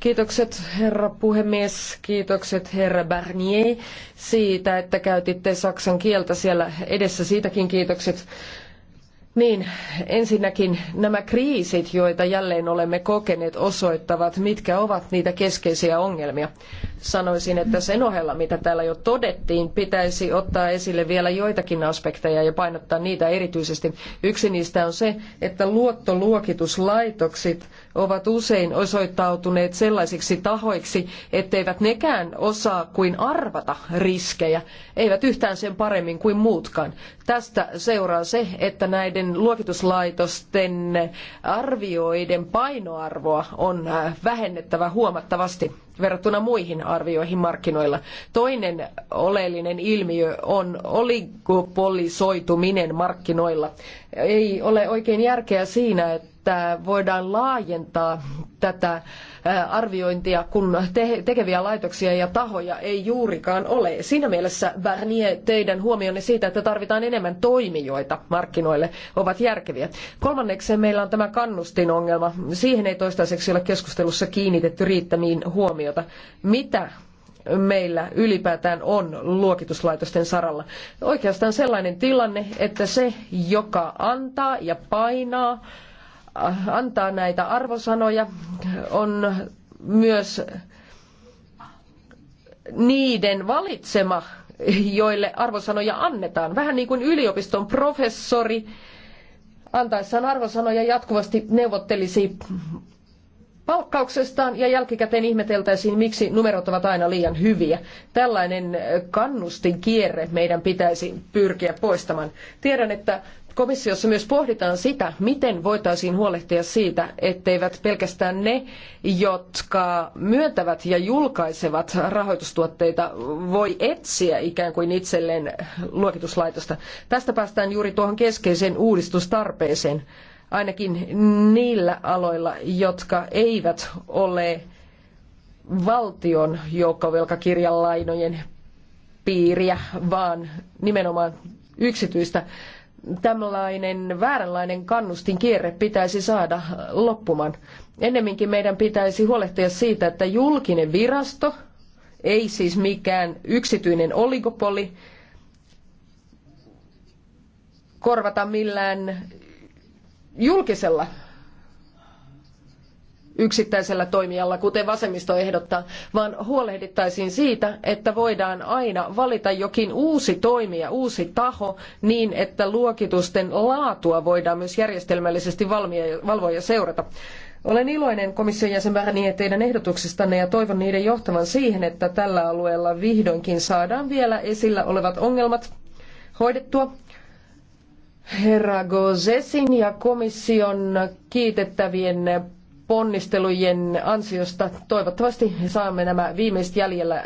Kiitokset herra puhemies, kiitokset herra Barnier siitä, että käytitte saksan kieltä siellä edessä. Siitäkin kiitokset. Niin, ensinnäkin nämä kriisit, joita jälleen olemme kokeneet, osoittavat, mitkä ovat niitä keskeisiä ongelmia. Sanoisin, että sen ohella, mitä täällä jo todettiin, pitäisi ottaa esille vielä joitakin aspekteja ja painottaa niitä erityisesti. Yksi niistä on se, että luottoluokituslaitokset ovat usein osoittautuneet sellaisiksi tahoiksi, etteivät nekään osaa kuin arvata riskejä, eivät yhtään sen paremmin kuin muutkaan. Tästä seuraa se, että näiden luokituslaitosten arvioiden painoarvoa on äh, vähennettävä huomattavasti verrattuna muihin arvioihin markkinoilla. Toinen oleellinen ilmiö on oligopolisoituminen markkinoilla. Ei ole oikein järkeä siinä, että että voidaan laajentaa tätä arviointia, kun tekeviä laitoksia ja tahoja ei juurikaan ole. Siinä mielessä, Barnier, teidän huomionne siitä, että tarvitaan enemmän toimijoita markkinoille, ovat järkeviä. Kolmanneksi meillä on tämä kannustinongelma. Siihen ei toistaiseksi ole keskustelussa kiinnitetty riittämiin huomiota. Mitä meillä ylipäätään on luokituslaitosten saralla. Oikeastaan sellainen tilanne, että se, joka antaa ja painaa, antaa näitä arvosanoja. On myös niiden valitsema, joille arvosanoja annetaan. Vähän niin kuin yliopiston professori antaessaan arvosanoja jatkuvasti neuvottelisi palkkauksestaan ja jälkikäteen ihmeteltäisiin, miksi numerot ovat aina liian hyviä. Tällainen kannustin kierre meidän pitäisi pyrkiä poistamaan. Tiedän, että Komissiossa myös pohditaan sitä, miten voitaisiin huolehtia siitä, etteivät pelkästään ne, jotka myöntävät ja julkaisevat rahoitustuotteita, voi etsiä ikään kuin itselleen luokituslaitosta. Tästä päästään juuri tuohon keskeiseen uudistustarpeeseen, ainakin niillä aloilla, jotka eivät ole valtion joukkovelkakirjan lainojen piiriä, vaan nimenomaan yksityistä tämänlainen vääränlainen kannustinkierre pitäisi saada loppumaan. Ennemminkin meidän pitäisi huolehtia siitä, että julkinen virasto, ei siis mikään yksityinen oligopoli, korvata millään julkisella yksittäisellä toimijalla, kuten vasemmisto ehdottaa, vaan huolehdittaisiin siitä, että voidaan aina valita jokin uusi toimija, uusi taho, niin että luokitusten laatua voidaan myös järjestelmällisesti valvoa ja seurata. Olen iloinen komission jäsen Barnier teidän ehdotuksistanne ja toivon niiden johtavan siihen, että tällä alueella vihdoinkin saadaan vielä esillä olevat ongelmat hoidettua. Herra Gozesin ja komission kiitettävien ponnistelujen ansiosta toivottavasti saamme nämä viimeiset jäljellä,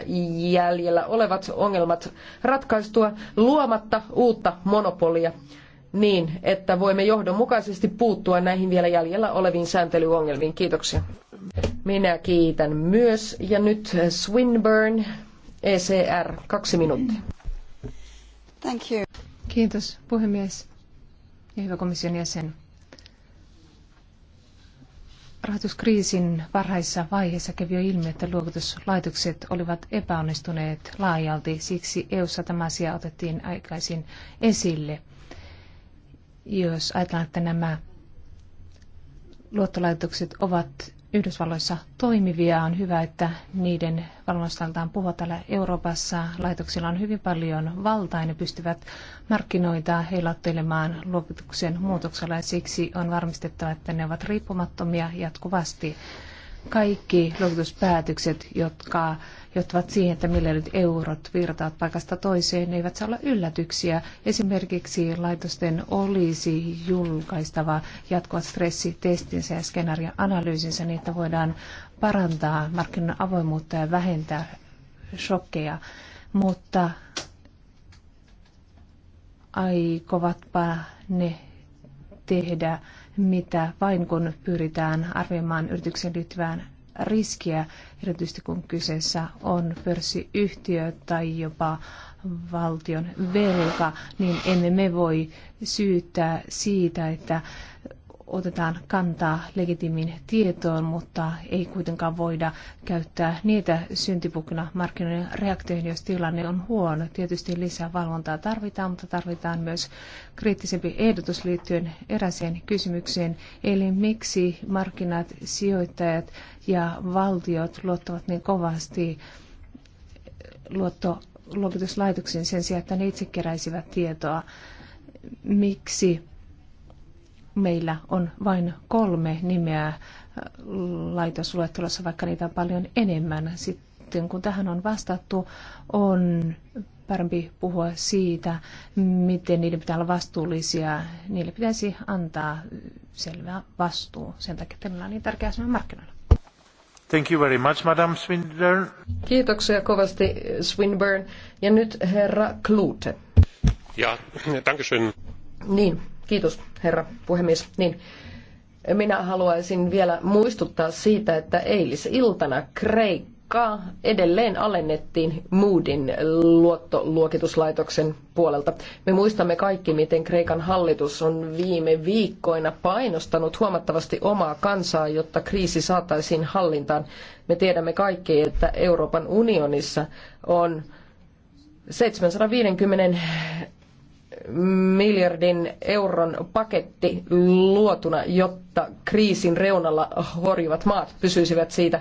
jäljellä olevat ongelmat ratkaistua luomatta uutta monopolia niin, että voimme johdonmukaisesti puuttua näihin vielä jäljellä oleviin sääntelyongelmiin. Kiitoksia. Minä kiitän myös. Ja nyt Swinburne, ECR, kaksi minuuttia. Thank you. Kiitos puhemies ja hyvä komission jäsen. Rahoituskriisin varhaisessa vaiheessa kävi jo ilmi, että luokituslaitokset olivat epäonnistuneet laajalti, siksi EU-ssa tämä asia otettiin aikaisin esille. Jos ajatellaan, että nämä luottolaitokset ovat Yhdysvalloissa toimivia. On hyvä, että niiden valmistaltaan puhua täällä Euroopassa. Laitoksilla on hyvin paljon valtaa ja ne pystyvät markkinoita heilattelemaan luokituksen muutoksella ja siksi on varmistettava, että ne ovat riippumattomia jatkuvasti kaikki luovutuspäätökset, jotka johtavat siihen, että miljardit eurot virtaat paikasta toiseen, ne eivät saa olla yllätyksiä. Esimerkiksi laitosten olisi julkaistava jatkuvat stressitestinsä ja skenaarioanalyysinsä, niin että voidaan parantaa markkinoiden avoimuutta ja vähentää shokkeja. Mutta aikovatpa ne tehdä mitä vain kun pyritään arvioimaan yritykseen liittyvään riskiä, erityisesti kun kyseessä on pörssiyhtiö tai jopa valtion velka, niin emme me voi syyttää siitä, että otetaan kantaa legitimin tietoon, mutta ei kuitenkaan voida käyttää niitä syntipukina markkinoiden reaktioihin, jos tilanne on huono. Tietysti lisää valvontaa tarvitaan, mutta tarvitaan myös kriittisempi ehdotus liittyen eräseen kysymykseen, eli miksi markkinat, sijoittajat ja valtiot luottavat niin kovasti luottoluokituslaitoksiin sen sijaan, että ne itse keräisivät tietoa. Miksi meillä on vain kolme nimeä äh, laitosluettelossa, vaikka niitä on paljon enemmän. Sitten kun tähän on vastattu, on parempi puhua siitä, miten niiden pitää olla vastuullisia. Niille pitäisi antaa selvä vastuu. Sen takia teillä on niin tärkeä asema markkinoilla. Thank you very much, Madam Swinburne. Kiitoksia kovasti, Swinburne. Ja nyt herra Klute. Ja, dankeschön. Niin, Kiitos, herra puhemies. Niin, minä haluaisin vielä muistuttaa siitä, että eilisiltana Kreikka edelleen alennettiin Moodin luottoluokituslaitoksen puolelta. Me muistamme kaikki, miten Kreikan hallitus on viime viikkoina painostanut huomattavasti omaa kansaa, jotta kriisi saataisiin hallintaan. Me tiedämme kaikki, että Euroopan unionissa on 750 miljardin euron paketti luotuna, jotta kriisin reunalla horjuvat maat pysyisivät siitä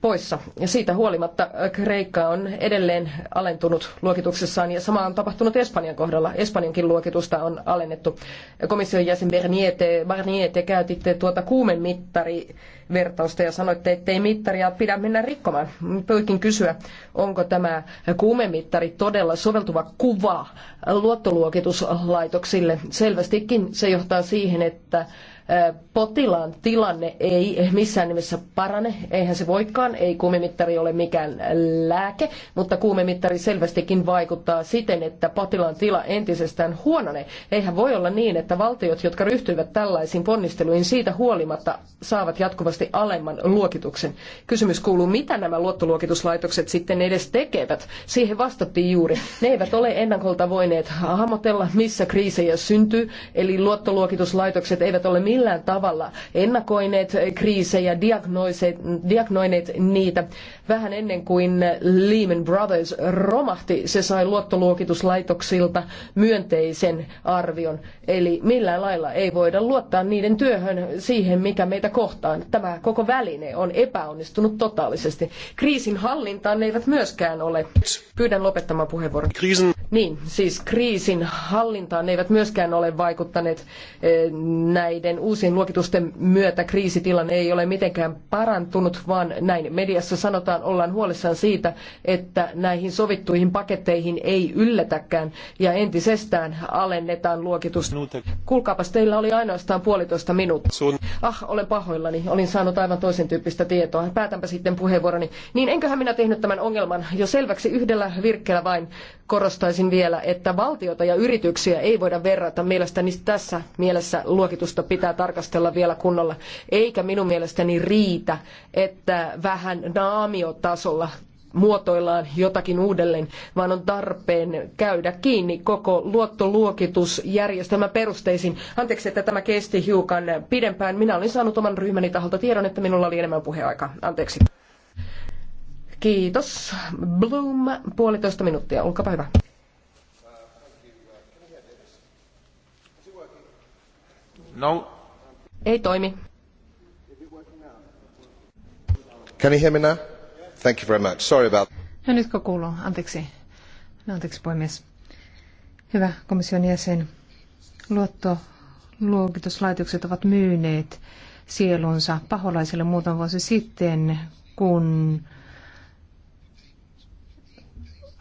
poissa. Ja siitä huolimatta Kreikka on edelleen alentunut luokituksessaan ja sama on tapahtunut Espanjan kohdalla. Espanjankin luokitusta on alennettu. Komission jäsen Bernier, te, Barnier, te käytitte tuota kuumemittarivertausta ja sanoitte, ettei mittaria pidä mennä rikkomaan. Pöykin kysyä, onko tämä kuumemittari todella soveltuva kuva luottoluokituslaitoksille. Selvästikin se johtaa siihen, että Potilaan tilanne ei missään nimessä parane, eihän se voikaan, ei kuumemittari ole mikään lääke, mutta kuumemittari selvästikin vaikuttaa siten, että potilaan tila entisestään huononee. Eihän voi olla niin, että valtiot, jotka ryhtyivät tällaisiin ponnisteluihin siitä huolimatta, saavat jatkuvasti alemman luokituksen. Kysymys kuuluu, mitä nämä luottoluokituslaitokset sitten edes tekevät? Siihen vastattiin juuri. Ne eivät ole ennakolta voineet hahmotella, missä kriisejä syntyy, eli luottoluokituslaitokset eivät ole millään tavalla ennakoineet kriisejä, diagnoineet niitä. Vähän ennen kuin Lehman Brothers romahti, se sai luottoluokituslaitoksilta myönteisen arvion. Eli millään lailla ei voida luottaa niiden työhön siihen, mikä meitä kohtaan. Tämä koko väline on epäonnistunut totaalisesti. Kriisin hallintaan ne eivät myöskään ole. Pyydän lopettamaan puheenvuoron. Kriisin... Niin, siis kriisin hallintaan ne eivät myöskään ole vaikuttaneet eh, näiden uusien luokitusten myötä kriisitilanne ei ole mitenkään parantunut, vaan näin mediassa sanotaan ollaan huolissaan siitä, että näihin sovittuihin paketteihin ei yllätäkään ja entisestään alennetaan luokitusta. Kuulkaapas, teillä oli ainoastaan puolitoista minuuttia. Ah, olen pahoillani. Olin saanut aivan toisen tyyppistä tietoa. Päätänpä sitten puheenvuoroni. Niin enköhän minä tehnyt tämän ongelman jo selväksi yhdellä virkkeellä vain. Korostaisin vielä, että valtiota ja yrityksiä ei voida verrata. Mielestäni tässä mielessä luokitusta pitää tarkastella vielä kunnolla. Eikä minun mielestäni riitä, että vähän naamiotasolla muotoillaan jotakin uudelleen, vaan on tarpeen käydä kiinni koko luottoluokitusjärjestelmä perusteisiin. Anteeksi, että tämä kesti hiukan pidempään. Minä olin saanut oman ryhmäni taholta tiedon, että minulla oli enemmän puheaikaa. Anteeksi. Kiitos. Bloom, puolitoista minuuttia. Olkaapa hyvä. No, ei toimi. Can you hear me now? Thank you very much. Sorry about... No nytkö kuuluu? Anteeksi. No, anteeksi puhemies. Hyvä komission jäsen. Luottoluokituslaitokset ovat myyneet sielunsa paholaisille muutama vuosi sitten, kun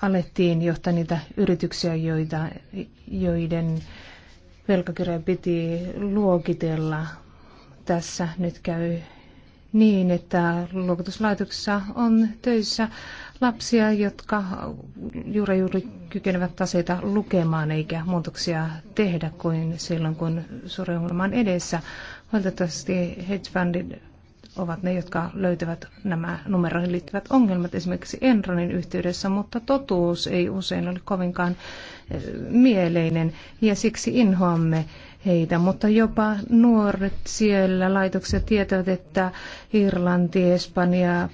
alettiin johtaa niitä yrityksiä, joita, joiden velkakirjoja piti luokitella tässä nyt käy niin, että luokituslaitoksessa on töissä lapsia, jotka juuri juuri kykenevät taseita lukemaan eikä muutoksia tehdä kuin silloin, kun suuri ongelma on edessä. Valitettavasti fundit ovat ne, jotka löytävät nämä numeroihin liittyvät ongelmat esimerkiksi Enronin yhteydessä, mutta totuus ei usein ole kovinkaan eh, mieleinen ja siksi inhoamme heitä, mutta jopa nuoret siellä laitokset tietävät, että Irlanti, Espanja,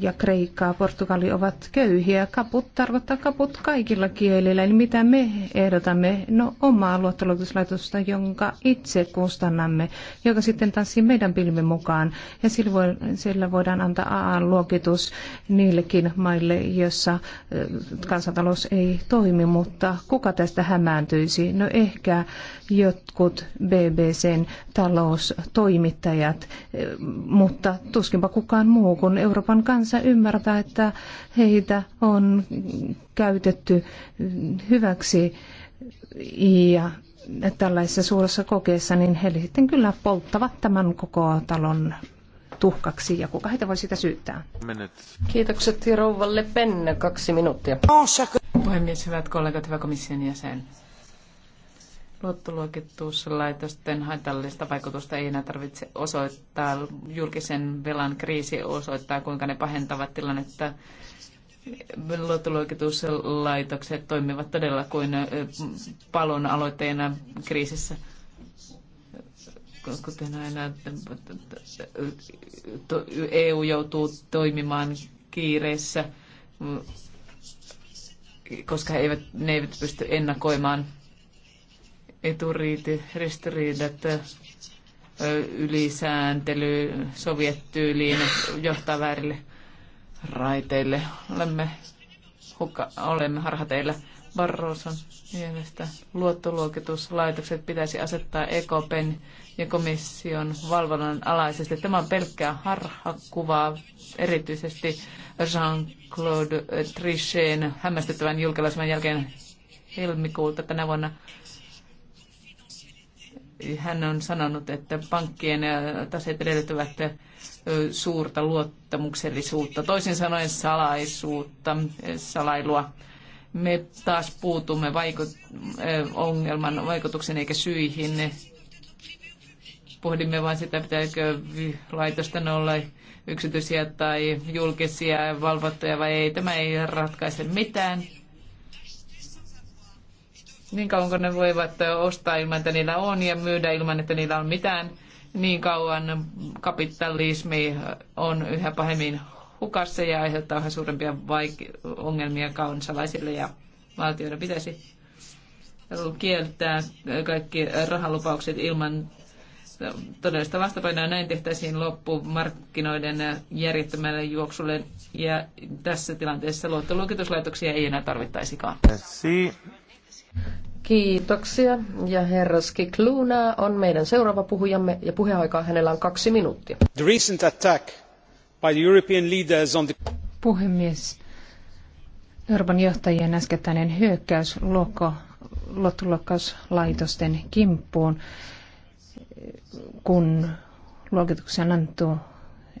ja Kreikkaa, Portugali ovat köyhiä. Kaput tarkoittaa kaput kaikilla kielillä. Eli mitä me ehdotamme? No omaa luottoluokituslaitosta, jonka itse kustannamme, joka sitten tanssii meidän pilvin mukaan. Ja sillä voidaan antaa AA-luokitus niillekin maille, joissa eh, kansantalous ei toimi. Mutta kuka tästä hämääntyisi? No ehkä jotkut BBCn taloustoimittajat, eh, mutta tuskinpa kukaan muu kuin Euroopan kansa ymmärtää, että heitä on käytetty hyväksi ja tällaisessa suuressa kokeessa, niin he sitten kyllä polttavat tämän koko talon tuhkaksi ja kuka heitä voi sitä syyttää. Kiitokset rouvalle Penne, kaksi minuuttia. Puhemies, hyvät kollegat, hyvä komission jäsen. Luottoluokituslaitosten haitallista vaikutusta ei enää tarvitse osoittaa. Julkisen velan kriisi osoittaa, kuinka ne pahentavat tilannetta. Luottoluokituslaitokset toimivat todella kuin palon aloitteena kriisissä kuten aina EU e joutuu toimimaan kiireessä, koska he eivät, ne eivät pysty ennakoimaan Eturiitti, ristiriidat, ylisääntely, sovjettyyliin johtaa väärille raiteille. Olemme, hukka, olemme harhateilla, Barroson mielestä luottoluokituslaitokset pitäisi asettaa EKPn ja komission valvonnan alaisesti. Tämä on pelkkää harhakuvaa, erityisesti Jean-Claude Trichetin hämmästyttävän julkilausuman jälkeen helmikuulta tänä vuonna hän on sanonut, että pankkien taseet edellyttävät suurta luottamuksellisuutta, toisin sanoen salaisuutta, salailua. Me taas puutumme vaiku- ongelman vaikutuksen eikä syihin. Pohdimme vain sitä, pitääkö laitosten olla yksityisiä tai julkisia valvottuja vai ei. Tämä ei ratkaise mitään niin kauan kun ne voivat ostaa ilman, että niillä on ja myydä ilman, että niillä on mitään, niin kauan kapitalismi on yhä pahemmin hukassa ja aiheuttaa yhä suurempia ongelmia kansalaisille ja valtioiden pitäisi kieltää kaikki rahalupaukset ilman todellista vastapainoa. Näin tehtäisiin loppu markkinoiden järjettömälle juoksulle ja tässä tilanteessa luottoluokituslaitoksia ei enää tarvittaisikaan. Si. Kiitoksia. Ja herra Skikluna on meidän seuraava puhujamme ja puheaikaa hänellä on kaksi minuuttia. The recent attack by the European leaders on the... Puhemies, Euroopan johtajien äskettäinen hyökkäys luottoluokkauslaitosten kimppuun, kun luokituksia on annettu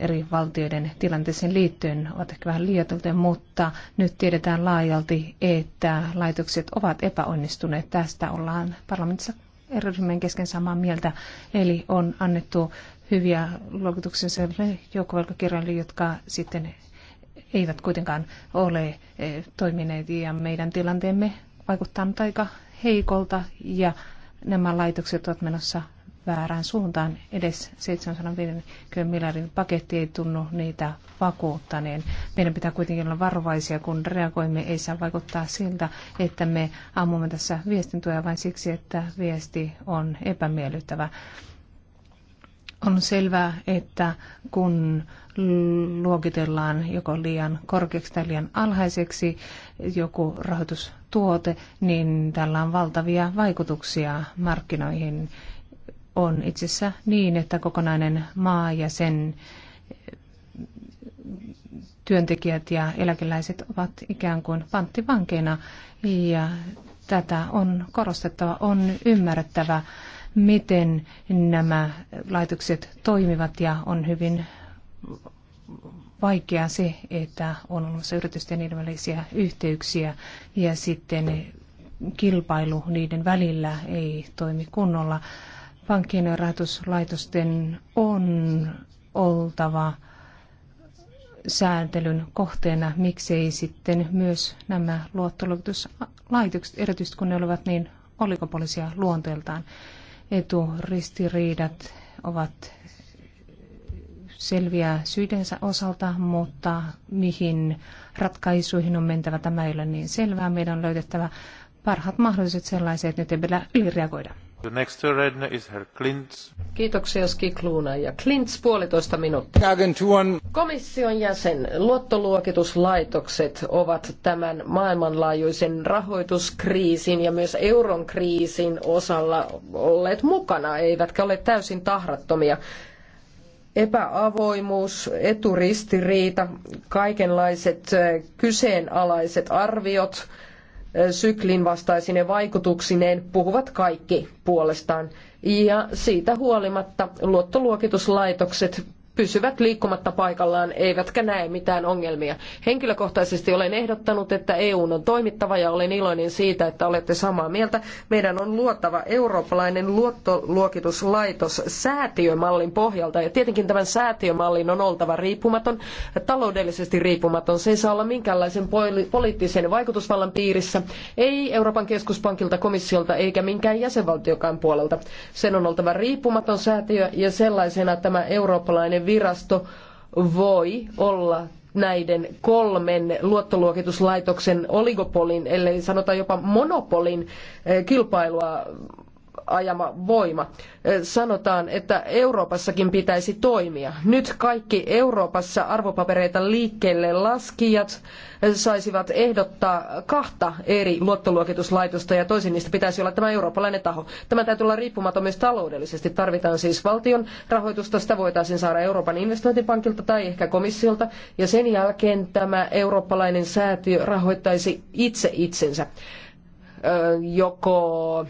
eri valtioiden tilanteeseen liittyen ovat ehkä vähän liioiteltuja, mutta nyt tiedetään laajalti, että laitokset ovat epäonnistuneet. Tästä ollaan parlamentissa eri ryhmien kesken samaa mieltä. Eli on annettu hyviä luokituksia sellaisille joukkovelkakirjoille, jotka sitten eivät kuitenkaan ole e, toimineet ja meidän tilanteemme vaikuttaa nyt aika heikolta ja nämä laitokset ovat menossa väärään suuntaan. Edes 750 miljardin paketti ei tunnu niitä vakuuttaneen. Meidän pitää kuitenkin olla varovaisia, kun reagoimme. Ei saa vaikuttaa siltä, että me ammumme tässä viestintöä vain siksi, että viesti on epämiellyttävä. On selvää, että kun luokitellaan joko liian korkeaksi tai liian alhaiseksi joku rahoitustuote, niin tällä on valtavia vaikutuksia markkinoihin on itse asiassa niin, että kokonainen maa ja sen työntekijät ja eläkeläiset ovat ikään kuin panttivankeina ja tätä on korostettava, on ymmärrettävä, miten nämä laitokset toimivat ja on hyvin vaikea se, että on olemassa yritysten niiden välisiä yhteyksiä ja sitten kilpailu niiden välillä ei toimi kunnolla pankkien ja rahoituslaitosten on oltava sääntelyn kohteena, miksei sitten myös nämä luottoluokituslaitokset, erityisesti kun ne olivat niin oligopolisia luonteeltaan. Eturistiriidat ovat selviä syidensä osalta, mutta mihin ratkaisuihin on mentävä, tämä ei ole niin selvää. Meidän on löydettävä parhaat mahdolliset sellaiset, että nyt ei pidä ylireagoida. The next is Herr Klintz. Kiitoksia Skikluuna ja Klintz puolitoista minuuttia. Komission jäsen luottoluokituslaitokset ovat tämän maailmanlaajuisen rahoituskriisin ja myös euron kriisin osalla olleet mukana, eivätkä ole täysin tahrattomia epäavoimuus, eturistiriita, kaikenlaiset eh, kyseenalaiset arviot, syklin vastaisine vaikutuksineen puhuvat kaikki puolestaan. Ja siitä huolimatta luottoluokituslaitokset pysyvät liikkumatta paikallaan eivätkä näe mitään ongelmia. Henkilökohtaisesti olen ehdottanut, että EU on toimittava ja olen iloinen siitä, että olette samaa mieltä. Meidän on luotava eurooppalainen luottoluokituslaitos säätiömallin pohjalta ja tietenkin tämän säätiömallin on oltava riippumaton, taloudellisesti riippumaton. Se ei saa olla minkäänlaisen poliittisen vaikutusvallan piirissä, ei Euroopan keskuspankilta, komissiolta eikä minkään jäsenvaltiokaan puolelta. Sen on oltava riippumaton säätiö ja sellaisena tämä eurooppalainen virasto voi olla näiden kolmen luottoluokituslaitoksen oligopolin, ellei sanota jopa monopolin eh, kilpailua ajama voima. Sanotaan, että Euroopassakin pitäisi toimia. Nyt kaikki Euroopassa arvopapereita liikkeelle laskijat saisivat ehdottaa kahta eri luottoluokituslaitosta ja toisin niistä pitäisi olla tämä eurooppalainen taho. Tämä täytyy olla riippumaton myös taloudellisesti. Tarvitaan siis valtion rahoitusta, sitä voitaisiin saada Euroopan investointipankilta tai ehkä komissiolta ja sen jälkeen tämä eurooppalainen säätiö rahoittaisi itse itsensä joko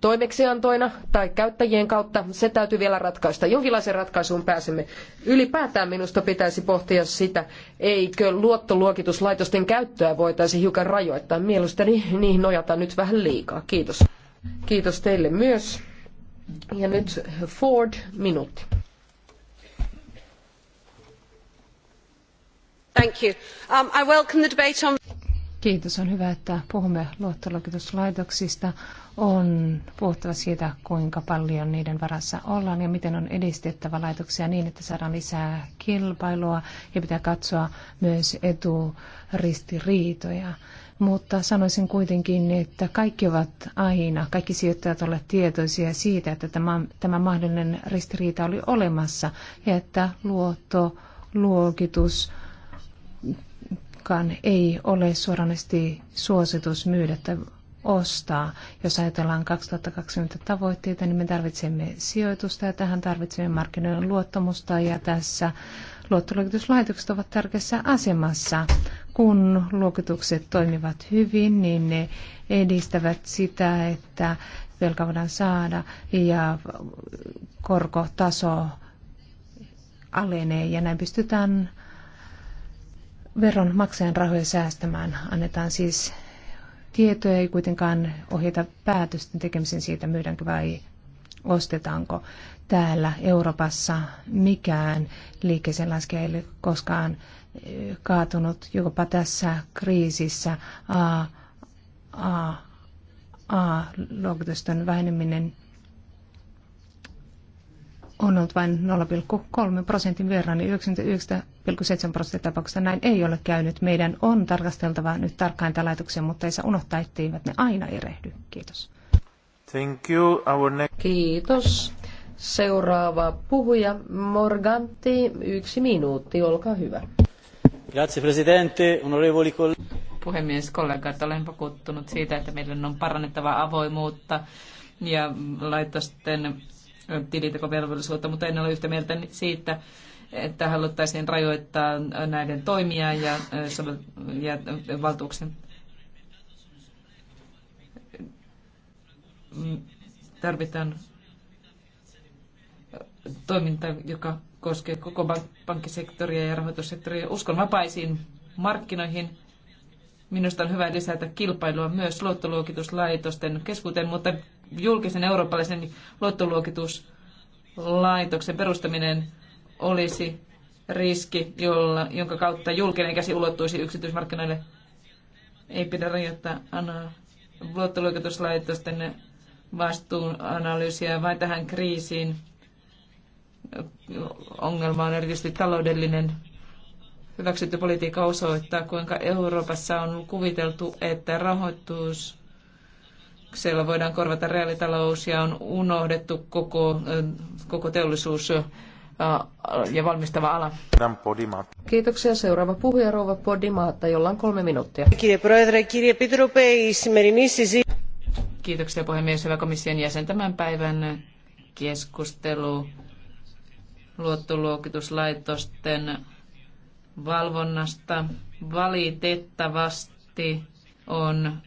toimeksiantoina tai käyttäjien kautta. Se täytyy vielä ratkaista. Jonkinlaisen ratkaisuun pääsemme. Ylipäätään minusta pitäisi pohtia sitä, eikö luottoluokituslaitosten käyttöä voitaisi hiukan rajoittaa. Mielestäni niihin nojata nyt vähän liikaa. Kiitos. Kiitos teille myös. Ja nyt Ford, minuutti. Thank you. Um, I welcome the debate on... Kiitos. On hyvä, että puhumme luottoluokituslaitoksista. On puhuttava siitä, kuinka paljon niiden varassa ollaan ja miten on edistettävä laitoksia niin, että saadaan lisää kilpailua ja pitää katsoa myös eturistiriitoja. Mutta sanoisin kuitenkin, että kaikki ovat aina, kaikki sijoittajat olleet tietoisia siitä, että tämä, tämä mahdollinen ristiriita oli olemassa ja että luottoluokitus luokitus kuitenkaan ei ole suoranaisesti suositus myydä tai ostaa. Jos ajatellaan 2020 tavoitteita, niin me tarvitsemme sijoitusta ja tähän tarvitsemme markkinoiden luottamusta ja tässä luottoluokituslaitokset ovat tärkeässä asemassa. Kun luokitukset toimivat hyvin, niin ne edistävät sitä, että velka voidaan saada ja korkotaso alenee ja näin pystytään veronmaksajan rahoja säästämään. Annetaan siis tietoja, ei kuitenkaan ohjata päätösten tekemisen siitä, myydäänkö vai ostetaanko täällä Euroopassa mikään liikkeeseen ei ole koskaan eh, kaatunut, jopa tässä kriisissä A, A, A, väheneminen on ollut vain 0,3 prosentin verran, niin 99,7 prosenttia tapauksista näin ei ole käynyt. Meidän on tarkasteltava nyt tarkkaan tätä laitoksia, mutta ei saa unohtaa, etteivät ne aina erehdy. Kiitos. Thank you. Our next... Kiitos. Seuraava puhuja, Morganti, yksi minuutti, olkaa hyvä. Grazie Presidente, onorevoli colleghi. Puhemies, kollegat, olen vakuuttunut siitä, että meidän on parannettava avoimuutta ja laitosten tilitekovelvollisuutta, mutta en ole yhtä mieltä siitä, että haluttaisiin rajoittaa näiden toimia ja, ja valtuuksia. Tarvitaan toiminta, joka koskee koko pankkisektoria ja rahoitussektoria. Uskon vapaisiin markkinoihin. Minusta on hyvä lisätä kilpailua myös luottoluokituslaitosten keskuuteen, mutta julkisen eurooppalaisen luottoluokituslaitoksen perustaminen olisi riski, jolla, jonka kautta julkinen käsi ulottuisi yksityismarkkinoille. Ei pidä rajoittaa luottoluokituslaitosten vastuunanalyysiä vai tähän kriisiin. Ongelma on erityisesti taloudellinen. Hyväksytty politiikka osoittaa, kuinka Euroopassa on kuviteltu, että rahoitus jolla voidaan korvata reaalitalous ja on unohdettu koko, koko teollisuus ja valmistava ala. Kiitoksia. Seuraava puhuja rouva Podimaatta, jolla on kolme minuuttia. Kiitoksia puhemies, hyvä komission jäsen. Tämän päivän keskustelu luottoluokituslaitosten valvonnasta valitettavasti on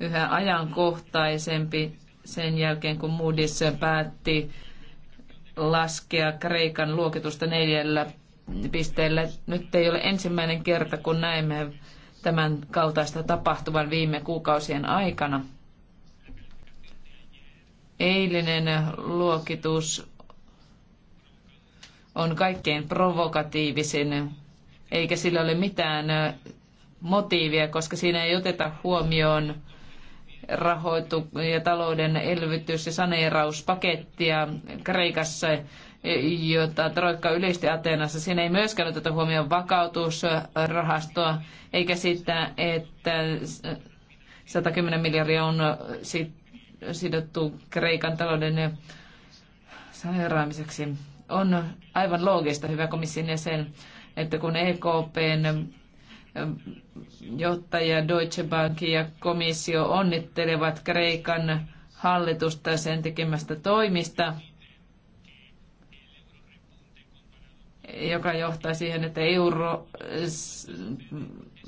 yhä ajankohtaisempi sen jälkeen, kun Moody's päätti laskea Kreikan luokitusta neljällä pisteellä. Nyt ei ole ensimmäinen kerta, kun näemme tämän kaltaista tapahtuvan viime kuukausien aikana. Eilinen luokitus on kaikkein provokatiivisin, eikä sillä ole mitään motiivia, koska siinä ei oteta huomioon rahoitu ja talouden elvytys- ja saneerauspakettia Kreikassa, jota Troikka ylisti Ateenassa. Siinä ei myöskään oteta huomioon vakautusrahastoa, eikä sitä, että 110 miljardia on sidottu Kreikan talouden saneeraamiseksi. On aivan loogista, hyvä komission jäsen, että kun EKPn johtaja Deutsche Bank ja komissio onnittelevat Kreikan hallitusta sen tekemästä toimista, joka johtaa siihen, että euro,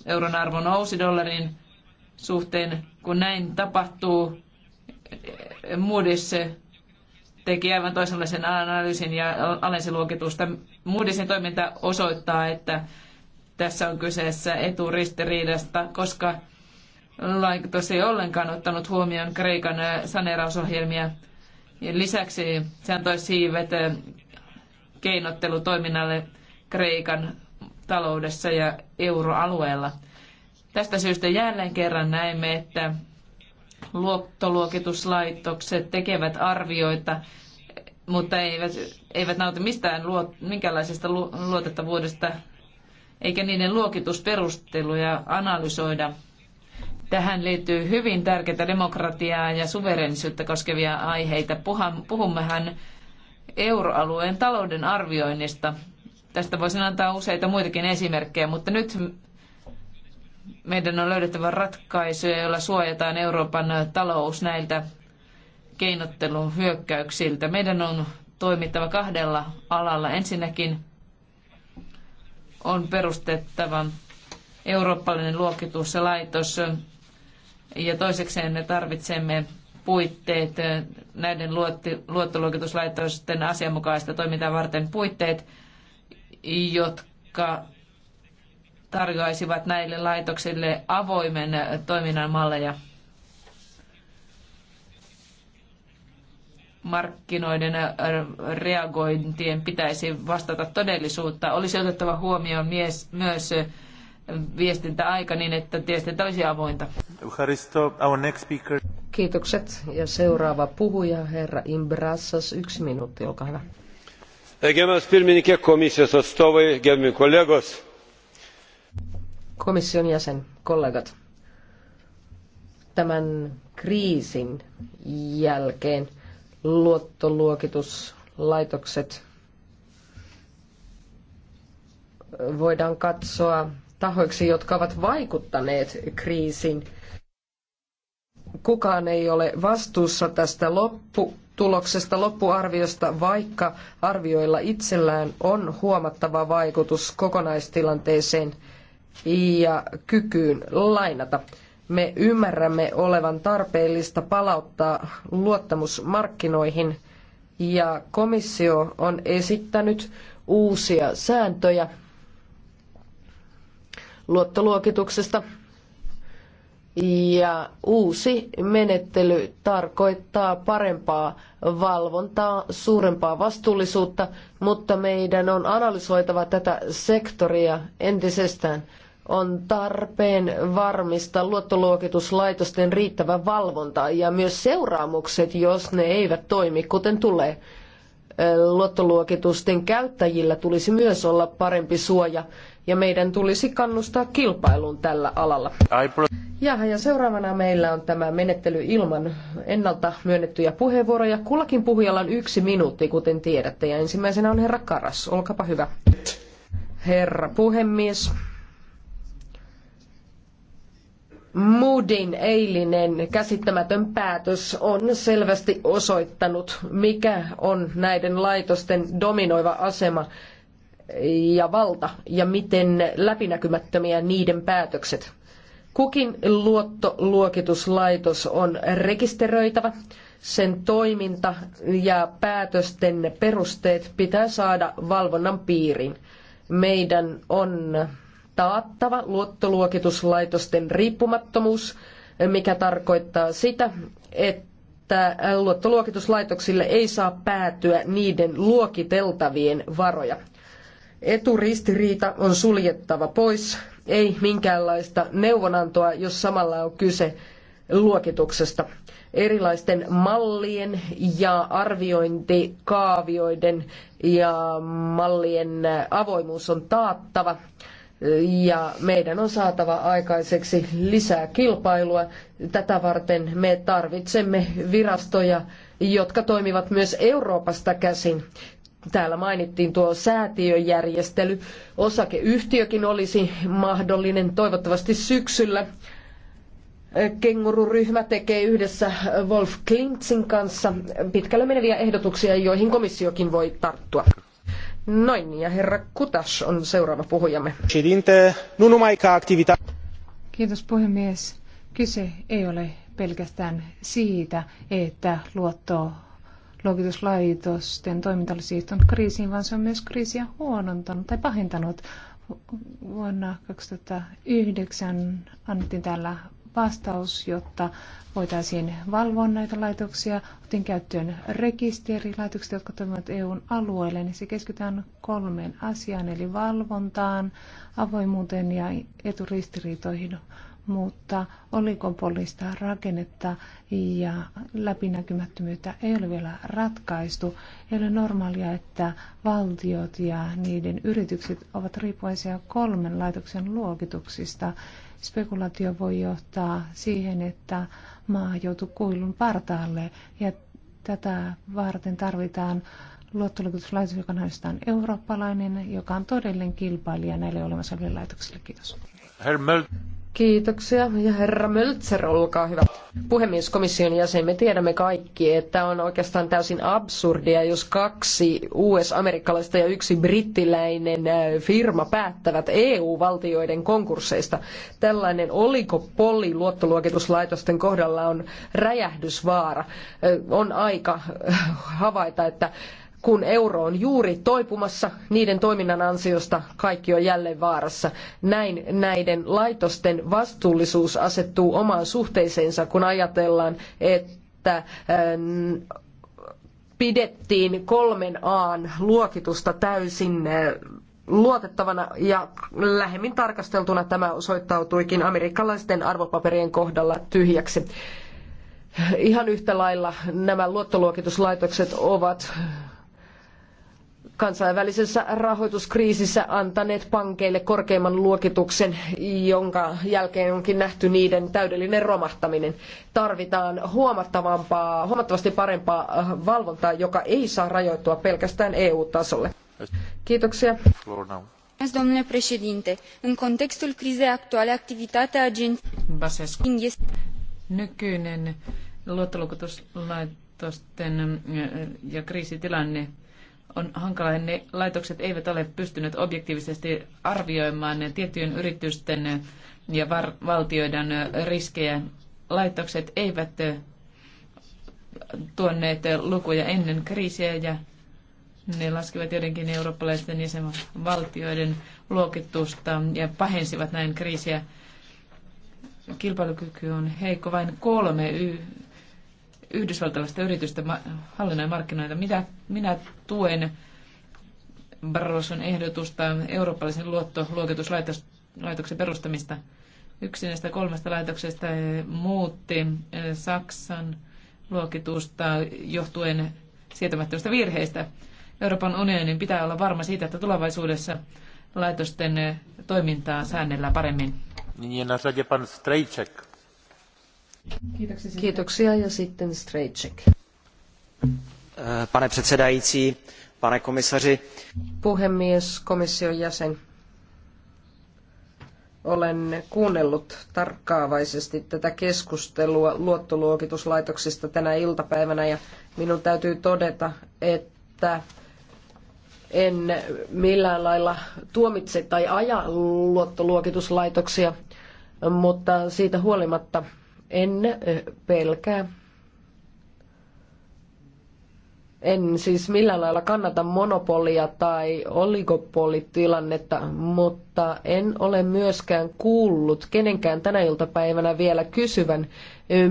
euron arvo nousi dollarin suhteen. Kun näin tapahtuu, Moody's teki aivan toisenlaisen analyysin ja alensi luokitusta. Moody'sin toiminta osoittaa, että tässä on kyseessä eturistiriidasta, koska laitos ei ollenkaan ottanut huomioon Kreikan saneerausohjelmia. Lisäksi se antoi siivet keinottelutoiminnalle Kreikan taloudessa ja euroalueella. Tästä syystä jälleen kerran näemme, että luottoluokituslaitokset tekevät arvioita, mutta eivät, eivät nauti mistään luot, minkälaisesta luotettavuudesta eikä niiden luokitusperusteluja analysoida. Tähän liittyy hyvin tärkeitä demokratiaa ja suverenisyyttä koskevia aiheita. Puhummehan euroalueen talouden arvioinnista. Tästä voisin antaa useita muitakin esimerkkejä, mutta nyt meidän on löydettävä ratkaisuja, joilla suojataan Euroopan talous näiltä keinottelun hyökkäyksiltä. Meidän on toimittava kahdella alalla. Ensinnäkin on perustettava eurooppalainen luokituslaitos. Ja toisekseen me tarvitsemme puitteet eh, näiden luottoluokituslaitosten asianmukaista toimintaa varten puitteet, jotka tarjoaisivat näille laitoksille avoimen eh, toiminnan malleja. markkinoiden äh, reagointien pitäisi vastata todellisuutta. Olisi otettava huomioon mies, myös äh, viestintäaika niin, että viestintä olisi avointa. Kiitokset. Ja seuraava puhuja, herra Imbrassas, yksi minuutti, olkaa hyvä. Gerbiamas pirmininkė, komisijos atstovai, gerbiami kollegos. Komission jäsen, kollegat. Tämän kriisin jälkeen luottoluokituslaitokset voidaan katsoa tahoiksi, jotka ovat vaikuttaneet kriisin. Kukaan ei ole vastuussa tästä lopputuloksesta, loppuarviosta, vaikka arvioilla itsellään on huomattava vaikutus kokonaistilanteeseen ja kykyyn lainata me ymmärrämme olevan tarpeellista palauttaa luottamus markkinoihin ja komissio on esittänyt uusia sääntöjä luottoluokituksesta ja uusi menettely tarkoittaa parempaa valvontaa, suurempaa vastuullisuutta, mutta meidän on analysoitava tätä sektoria entisestään – on tarpeen varmistaa luottoluokituslaitosten riittävä valvonta ja myös seuraamukset, jos ne eivät toimi kuten tulee. Luottoluokitusten käyttäjillä tulisi myös olla parempi suoja ja meidän tulisi kannustaa kilpailuun tällä alalla. Jaha, ja seuraavana meillä on tämä menettely ilman ennalta myönnettyjä puheenvuoroja. Kullakin puhujalla on yksi minuutti, kuten tiedätte, ja ensimmäisenä on herra Karas. Olkapa hyvä. Herra puhemies, Moodin eilinen käsittämätön päätös on selvästi osoittanut, mikä on näiden laitosten dominoiva asema ja valta ja miten läpinäkymättömiä niiden päätökset. Kukin luottoluokituslaitos on rekisteröitävä. Sen toiminta ja päätösten perusteet pitää saada valvonnan piiriin. Meidän on taattava luottoluokituslaitosten riippumattomuus, mikä tarkoittaa sitä, että luottoluokituslaitoksille ei saa päätyä niiden luokiteltavien varoja. Eturistiriita on suljettava pois, ei minkäänlaista neuvonantoa, jos samalla on kyse luokituksesta. Erilaisten mallien ja arviointikaavioiden ja mallien avoimuus on taattava ja meidän on saatava aikaiseksi lisää kilpailua. Tätä varten me tarvitsemme virastoja, jotka toimivat myös Euroopasta käsin. Täällä mainittiin tuo säätiöjärjestely. Osakeyhtiökin olisi mahdollinen toivottavasti syksyllä. Kengururyhmä tekee yhdessä Wolf Klintzin kanssa pitkälle meneviä ehdotuksia, joihin komissiokin voi tarttua. Noin, ja herra Kutas on seuraava puhujamme. Kiitos puhemies. Kyse ei ole pelkästään siitä, että luotto luokituslaitosten toiminta olisi siirtynyt kriisiin, vaan se on myös kriisiä huonontanut tai pahentanut. Vuonna 2009 annettiin täällä vastaus, jotta voitaisiin valvoa näitä laitoksia. Otin käyttöön rekisterilaitokset, jotka toimivat EUn alueelle, niin se keskitytään kolmeen asiaan, eli valvontaan, avoimuuteen ja eturistiriitoihin mutta oligopolista rakennetta ja läpinäkymättömyyttä ei ole vielä ratkaistu. Ei ole normaalia, että valtiot ja niiden yritykset ovat riippuvaisia kolmen laitoksen luokituksista. Spekulaatio voi johtaa siihen, että maa joutuu kuilun partaalle ja tätä varten tarvitaan luottoluokituslaitos, joka on eurooppalainen, joka on todellinen kilpailija näille olemassa oleville laitoksille. Kiitos. Herr Kiitoksia. Ja herra Möltser, olkaa hyvä. Puhemies, komission jäsen, me tiedämme kaikki, että on oikeastaan täysin absurdia, jos kaksi US-amerikkalaista ja yksi brittiläinen äh, firma päättävät EU-valtioiden konkursseista. Tällainen olikopoli luottoluokituslaitosten kohdalla on räjähdysvaara. Äh, on aika äh, havaita, että kun euro on juuri toipumassa, niiden toiminnan ansiosta kaikki on jälleen vaarassa. Näin näiden laitosten vastuullisuus asettuu omaan suhteeseensa, kun ajatellaan, että ähm, pidettiin kolmen aan luokitusta täysin äh, luotettavana ja lähemmin tarkasteltuna tämä osoittautuikin amerikkalaisten arvopaperien kohdalla tyhjäksi. Ihan yhtä lailla nämä luottoluokituslaitokset ovat kansainvälisessä rahoituskriisissä antaneet pankeille korkeimman luokituksen, jonka jälkeen onkin nähty niiden täydellinen romahtaminen. Tarvitaan huomattavampaa, huomattavasti parempaa äh, valvontaa, joka ei saa rajoittua pelkästään EU-tasolle. Kiitoksia. Domnule președinte, în contextul crizei actuale, activitatea agenției Nykyinen luottolukutuslaitosten äh, ja kriisitilanne on hankala. Ne laitokset eivät ole pystyneet objektiivisesti arvioimaan tiettyjen yritysten ja valtioiden riskejä. Laitokset eivät eh, tuonneet lukuja ennen kriisiä ja ne laskivat joidenkin eurooppalaisten jäsenvaltioiden luokitusta ja pahensivat näin kriisiä. Kilpailukyky on heikko. Vain kolme yhdysvaltalaista yritystä hallinnoi markkinoita. Mitä minä tuen Barroson ehdotusta eurooppalaisen luottoluokituslaitoksen perustamista? Yksi näistä kolmesta laitoksesta eh, muutti eh, Saksan luokitusta johtuen sietämättömistä virheistä. Euroopan unionin pitää olla varma siitä, että tulevaisuudessa laitosten eh, toimintaa säännellään paremmin. Niin, pan Strejček. Kiitoksia. Kiitoksia ja sitten Strejček. Eh, pane předsedající, pane komisaři. Puhemies, komission jäsen. Olen kuunnellut tarkkaavaisesti tätä keskustelua luottoluokituslaitoksista tänä iltapäivänä ja minun täytyy todeta, että en millään lailla tuomitse tai aja luottoluokituslaitoksia, mutta siitä huolimatta en pelkää. En siis millään lailla kannata monopolia tai oligopolitilannetta, mutta en ole myöskään kuullut kenenkään tänä iltapäivänä vielä kysyvän,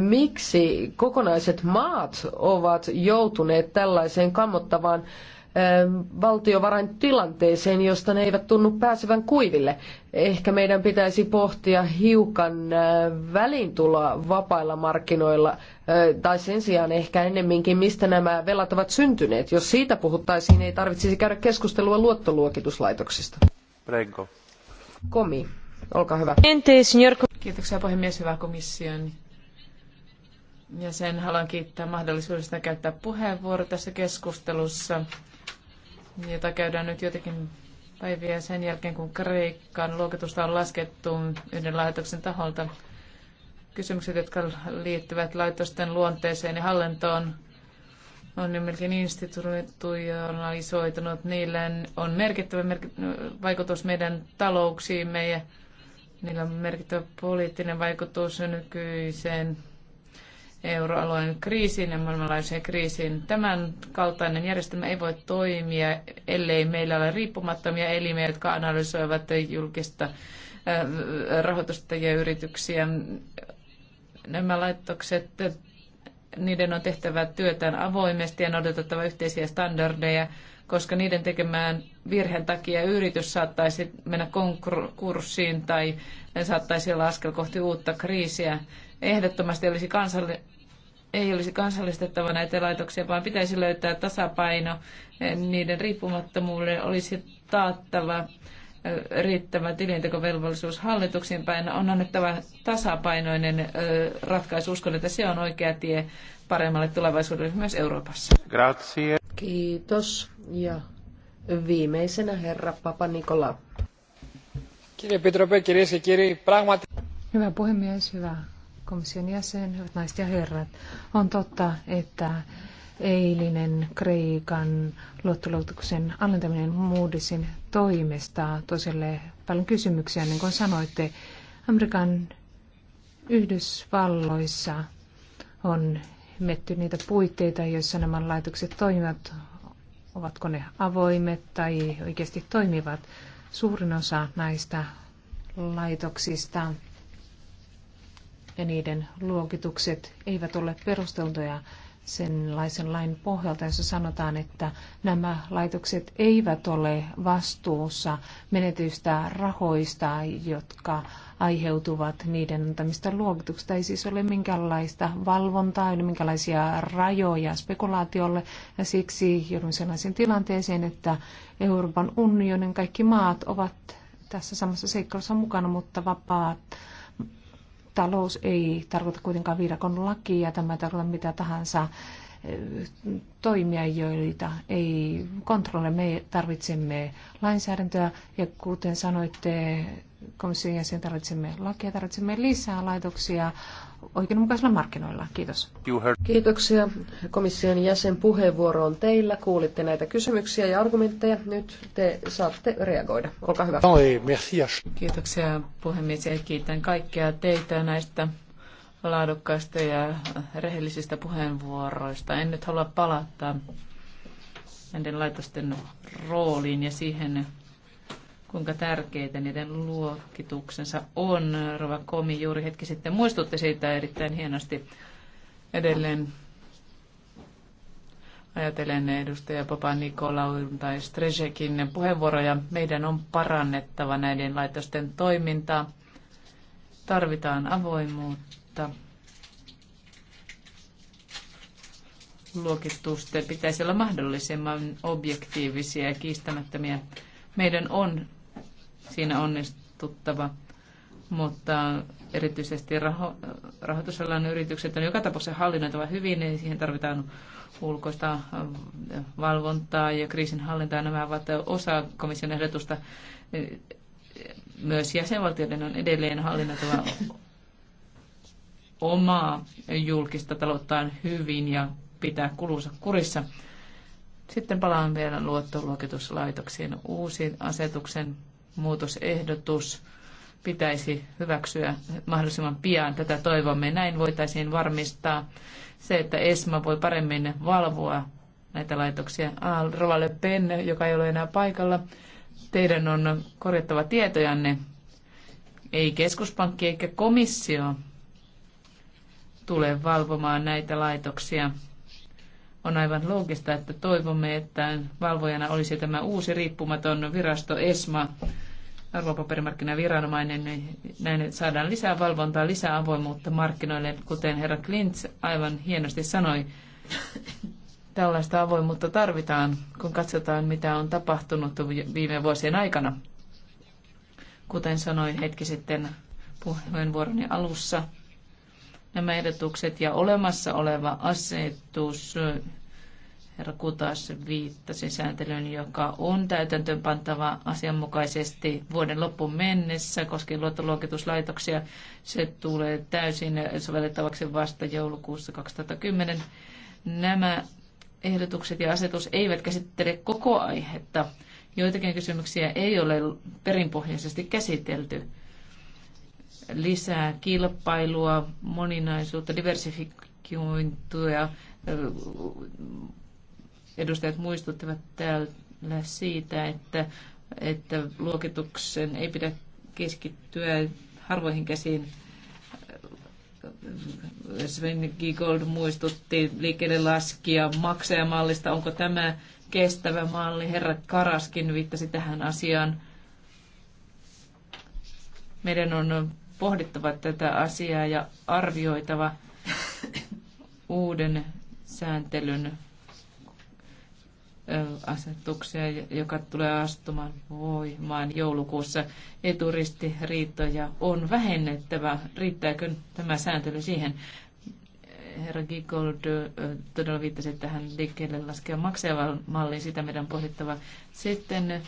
miksi kokonaiset maat ovat joutuneet tällaiseen kammottavaan Ähm, valtiovaraintilanteeseen, josta ne eivät tunnu pääsevän kuiville. Ehkä meidän pitäisi pohtia hiukan äh, välintuloa vapailla markkinoilla, äh, tai sen sijaan ehkä ennemminkin, mistä nämä velat ovat syntyneet. Jos siitä puhuttaisiin, ei tarvitsisi käydä keskustelua luottoluokituslaitoksista. Renko. Komi, olkaa hyvä. Kiitoksia puhemies, hyvä komission ja sen haluan kiittää mahdollisuudesta käyttää puheenvuoro tässä keskustelussa jota käydään nyt jotenkin päiviä sen jälkeen, kun Kreikan luokitusta on laskettu yhden laitoksen taholta. Kysymykset, jotka liittyvät laitosten luonteeseen ja hallintoon, on ne melkein institutionalisoitunut. Niillä on merkittävä vaikutus meidän talouksiimme ja niillä on merkittävä poliittinen vaikutus nykyiseen euroalueen kriisiin ja maailmanlaajuiseen kriisiin. Tämän kaltainen järjestelmä ei voi toimia, ellei meillä ole riippumattomia elimiä, jotka analysoivat julkista äh, rahoitusta ja yrityksiä. Nämä laitokset, niiden on tehtävä työtään avoimesti ja noudatettava yhteisiä standardeja, koska niiden tekemään virheen takia yritys saattaisi mennä konkurssiin tai saattaisi olla askel kohti uutta kriisiä ehdottomasti olisi kansalli- ei olisi kansallistettava näitä laitoksia, vaan pitäisi löytää tasapaino. Niiden riippumattomuuden olisi taattava riittävä tilintekovelvollisuus hallituksen päin. On annettava tasapainoinen ratkaisu. Uskon, että se on oikea tie paremmalle tulevaisuudelle myös Euroopassa. Grazie. Kiitos. Ja viimeisenä herra Papa Nikola. Hyvä puhemies, hyvä komission jäsen, hyvät naiset ja herrat. On totta, että eilinen Kreikan luottoluotuksen alentaminen Moodysin toimesta toiselle paljon kysymyksiä, niin kuin sanoitte. Amerikan Yhdysvalloissa on metty niitä puitteita, joissa nämä laitokset toimivat. Ovatko ne avoimet tai oikeasti toimivat? Suurin osa näistä laitoksista ja niiden luokitukset eivät ole perusteltuja senlaisen lain pohjalta, jossa sanotaan, että nämä laitokset eivät ole vastuussa menetyistä rahoista, jotka aiheutuvat niiden antamista luokituksista. Ei siis ole minkäänlaista valvontaa, ei ole minkäänlaisia rajoja spekulaatiolle ja siksi joudun sellaiseen tilanteeseen, että Euroopan unionin kaikki maat ovat tässä samassa seikkailussa mukana, mutta vapaat talous ei tarkoita kuitenkaan viidakon lakia, tämä ei tarkoita mitä tahansa toimia, joita ei kontrolle. Me tarvitsemme lainsäädäntöä ja kuten sanoitte, komission jäsen tarvitsemme lakia, tarvitsemme lisää laitoksia oikeudenmukaisilla markkinoilla. Kiitos. Kiitoksia. Komission jäsen puheenvuoro on teillä. Kuulitte näitä kysymyksiä ja argumentteja. Nyt te saatte reagoida. Olkaa hyvä. Kiitoksia puhemies ja kiitän kaikkia teitä näistä laadukkaista ja rehellisistä puheenvuoroista. En nyt halua palata näiden laitosten rooliin ja siihen, kuinka tärkeitä niiden luokituksensa on. Rova Komi juuri hetki sitten muistutti siitä erittäin hienosti edelleen. Ajatellen edustaja Papa Nikolaun tai Strezekin puheenvuoroja, meidän on parannettava näiden laitosten toimintaa. Tarvitaan avoimuutta mutta luokitusten pitäisi olla mahdollisimman objektiivisia ja kiistämättömiä. Meidän on siinä onnistuttava, mutta erityisesti raho- rahoitusalan yritykset on joka tapauksessa hallinnoitava hyvin, niin siihen tarvitaan ulkoista valvontaa ja kriisinhallintaa. Nämä ovat osa komission ehdotusta. Myös jäsenvaltioiden on edelleen hallinnoitava omaa julkista talouttaan hyvin ja pitää kulunsa kurissa. Sitten palaan vielä luottoluokituslaitoksien Uusin asetuksen muutosehdotus pitäisi hyväksyä mahdollisimman pian. Tätä toivomme. Näin voitaisiin varmistaa se, että ESMA voi paremmin valvoa näitä laitoksia. Ah, Rova Le Pen, joka ei ole enää paikalla, teidän on korjattava tietojanne. Ei keskuspankki eikä komissio tule valvomaan näitä laitoksia. On aivan loogista, että toivomme, että valvojana olisi tämä uusi riippumaton virasto ESMA, arvopaperimarkkinaviranomainen, niin näin saadaan lisää valvontaa, lisää avoimuutta markkinoille, kuten herra Klintz aivan hienosti sanoi. Tällaista avoimuutta tarvitaan, kun katsotaan, mitä on tapahtunut viime vuosien aikana. Kuten sanoin hetki sitten puheenvuoroni alussa, nämä ehdotukset ja olemassa oleva asetus herra Kutas viittasi sääntelyyn, joka on täytäntöönpantava asianmukaisesti vuoden loppuun mennessä koskien luottoluokituslaitoksia. Se tulee täysin sovellettavaksi vasta joulukuussa 2010. Nämä ehdotukset ja asetus eivät käsittele koko aihetta. Joitakin kysymyksiä ei ole perinpohjaisesti käsitelty lisää kilpailua, moninaisuutta, diversifikointia. Edustajat muistuttivat täällä siitä, että, että luokituksen ei pidä keskittyä harvoihin käsiin. Sven Gold muistutti liikkeelle laskia maksajamallista. Onko tämä kestävä malli? Herra Karaskin viittasi tähän asiaan. Meidän on pohdittava tätä asiaa ja arvioitava uuden sääntelyn asetuksia, joka tulee astumaan voimaan joulukuussa. Eturistiriittoja on vähennettävä. Riittääkö tämä sääntely siihen? Herra Gigold todella viittasi tähän liikkeelle laskea maksajavan malliin. Sitä meidän on pohdittava. Sitten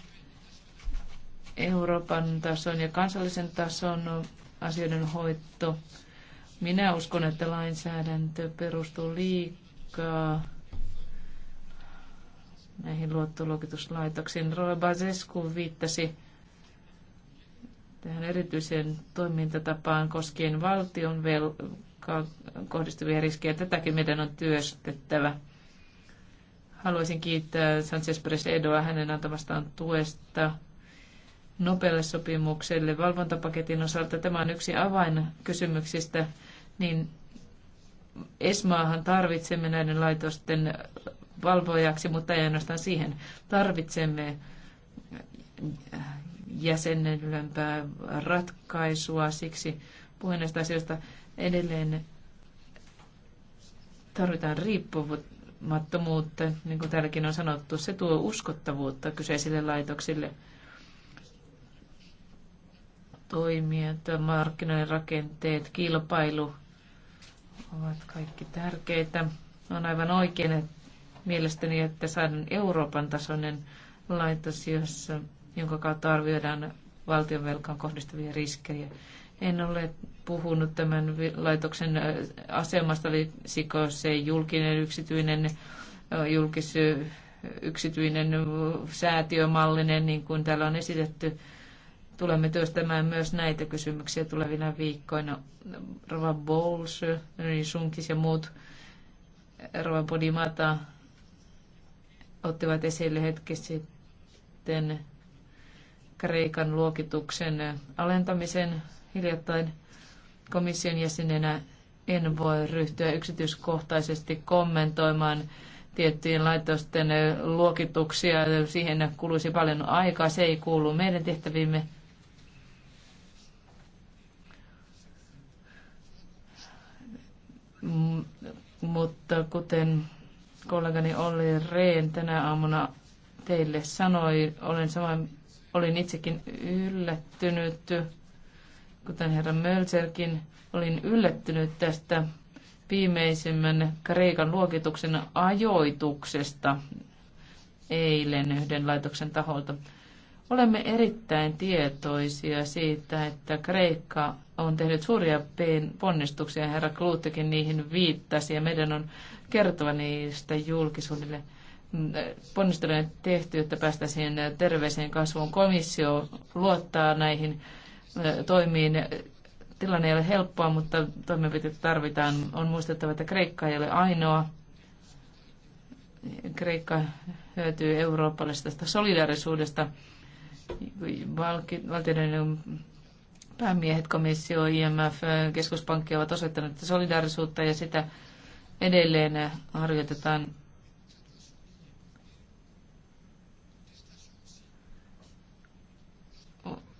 Euroopan tason ja kansallisen tason asioiden hoitto. Minä uskon, että lainsäädäntö perustuu liikaa näihin luottoluokituslaitoksiin. Roy Bazescu viittasi tähän erityiseen toimintatapaan koskien valtion velkaa kohdistuvia riskejä. Tätäkin meidän on työstettävä. Haluaisin kiittää Sanchez Presedoa hänen antamastaan tuesta nopealle sopimukselle valvontapaketin osalta. Tämä on yksi avainkysymyksistä, niin ESMAahan tarvitsemme näiden laitosten valvojaksi, mutta ei ainoastaan siihen. Tarvitsemme jäsennellympää ratkaisua, siksi puhun näistä asioista edelleen tarvitaan riippumattomuutta, niin kuin täälläkin on sanottu, se tuo uskottavuutta kyseisille laitoksille – toimijat, markkinoiden rakenteet, kilpailu ovat kaikki tärkeitä. On aivan oikein että mielestäni, että saadaan Euroopan tasoinen laitos, jossa, jonka kautta arvioidaan valtionvelkaan kohdistuvia riskejä. En ole puhunut tämän laitoksen asemasta, olisiko se julkinen, yksityinen, julkis, yksityinen säätiömallinen, niin kuin täällä on esitetty tulemme työstämään myös näitä kysymyksiä tulevina viikkoina. Rova Bowles, Sunkis ja muut, Rova Podimata ottivat esille hetki sitten Kreikan luokituksen alentamisen hiljattain komission jäsenenä en voi ryhtyä yksityiskohtaisesti kommentoimaan tiettyjen laitosten luokituksia. Siihen kuluisi paljon aikaa. Se ei kuulu meidän tehtäviimme Mm, mutta kuten kollegani Olli reen tänä aamuna teille sanoi, olen samoin, olin itsekin yllättynyt, kuten herra Mölserkin, olin yllättynyt tästä viimeisimmän Kreikan luokituksen ajoituksesta eilen yhden laitoksen taholta. Olemme erittäin tietoisia siitä, että Kreikka on tehnyt suuria ponnistuksia, herra Kluuttekin niihin viittasi, ja meidän on kertova niistä julkisuudelle. Mm, Ponnisteluja on tehty, että päästäisiin terveeseen kasvuun. Komissio luottaa näihin toimiin. Tilanne ei ole helppoa, mutta toimenpiteitä tarvitaan. On muistettava, että Kreikka ei ole ainoa. Kreikka hyötyy eurooppalaisesta solidarisuudesta valtioiden päämiehet, komissio, IMF, keskuspankki ovat osoittaneet solidaarisuutta ja sitä edelleen harjoitetaan.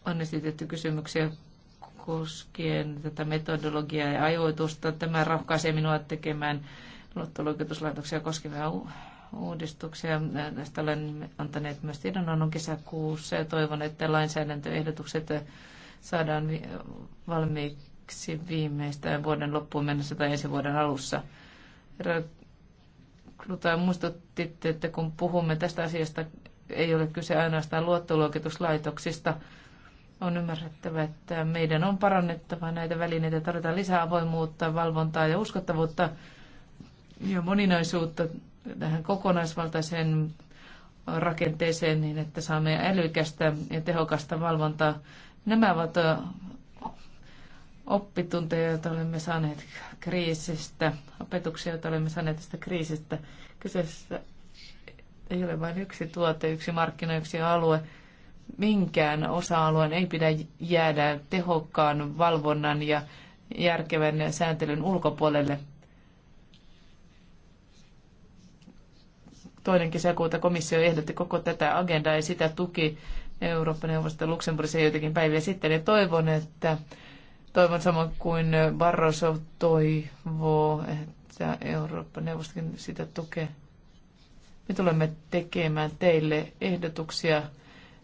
On esitetty kysymyksiä koskien tätä metodologiaa ja ajoitusta. Tämä rohkaisee minua tekemään luottoluokituslaitoksia koskevia uudistuksia. Näistä olen antaneet myös tiedonannon kesäkuussa ja toivon, että lainsäädäntöehdotukset saadaan valmiiksi viimeistään vuoden loppuun mennessä tai ensi vuoden alussa. Herra Kluta, muistuttitte, että kun puhumme tästä asiasta, ei ole kyse ainoastaan luottoluokituslaitoksista. On ymmärrettävä, että meidän on parannettava näitä välineitä, tarvitaan lisää avoimuutta, valvontaa ja uskottavuutta ja moninaisuutta tähän kokonaisvaltaiseen rakenteeseen niin, että saamme älykästä ja tehokasta valvontaa. Nämä ovat oppitunteja, joita olemme saaneet kriisistä, opetuksia, joita olemme saaneet tästä kriisistä. Kyseessä ei ole vain yksi tuote, yksi markkina, yksi alue. Minkään osa-alueen ei pidä jäädä tehokkaan valvonnan ja järkevän sääntelyn ulkopuolelle. toinen kesäkuuta komissio ehdotti koko tätä agendaa ja sitä tuki Eurooppa-neuvosto Luxemburgissa joitakin päiviä sitten. Ja toivon, että toivon samoin kuin Barroso toivoo, että Eurooppa-neuvostokin sitä tukee. Me tulemme tekemään teille ehdotuksia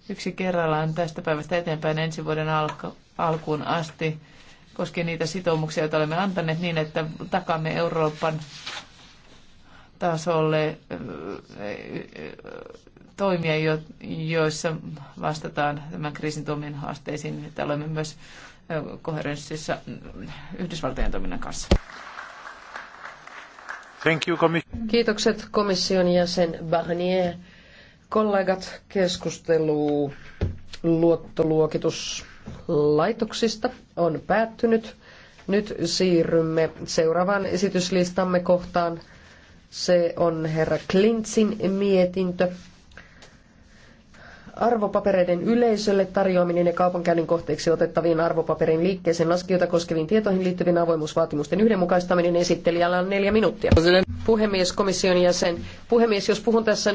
yksi kerrallaan tästä päivästä eteenpäin ensi vuoden alku, alkuun asti koskien niitä sitoumuksia, joita olemme antaneet niin, että takaamme Euroopan tasolle toimia, joissa vastataan tämän kriisin tuomien haasteisiin, että olemme myös koherenssissa mm, Yhdysvaltojen toiminnan kanssa. Thank you, Kiitokset komission jäsen Barnier. Kollegat, keskustelu luottoluokituslaitoksista on päättynyt. Nyt siirrymme seuraavaan esityslistamme kohtaan se on herra Klintsin mietintö. Arvopapereiden yleisölle tarjoaminen ja kaupankäynnin kohteeksi otettaviin arvopaperin liikkeeseen laskijoita koskeviin tietoihin liittyvien avoimuusvaatimusten yhdenmukaistaminen esittelijällä on neljä minuuttia. Puhemies, komission jäsen. Puhemies, jos puhun tässä nyt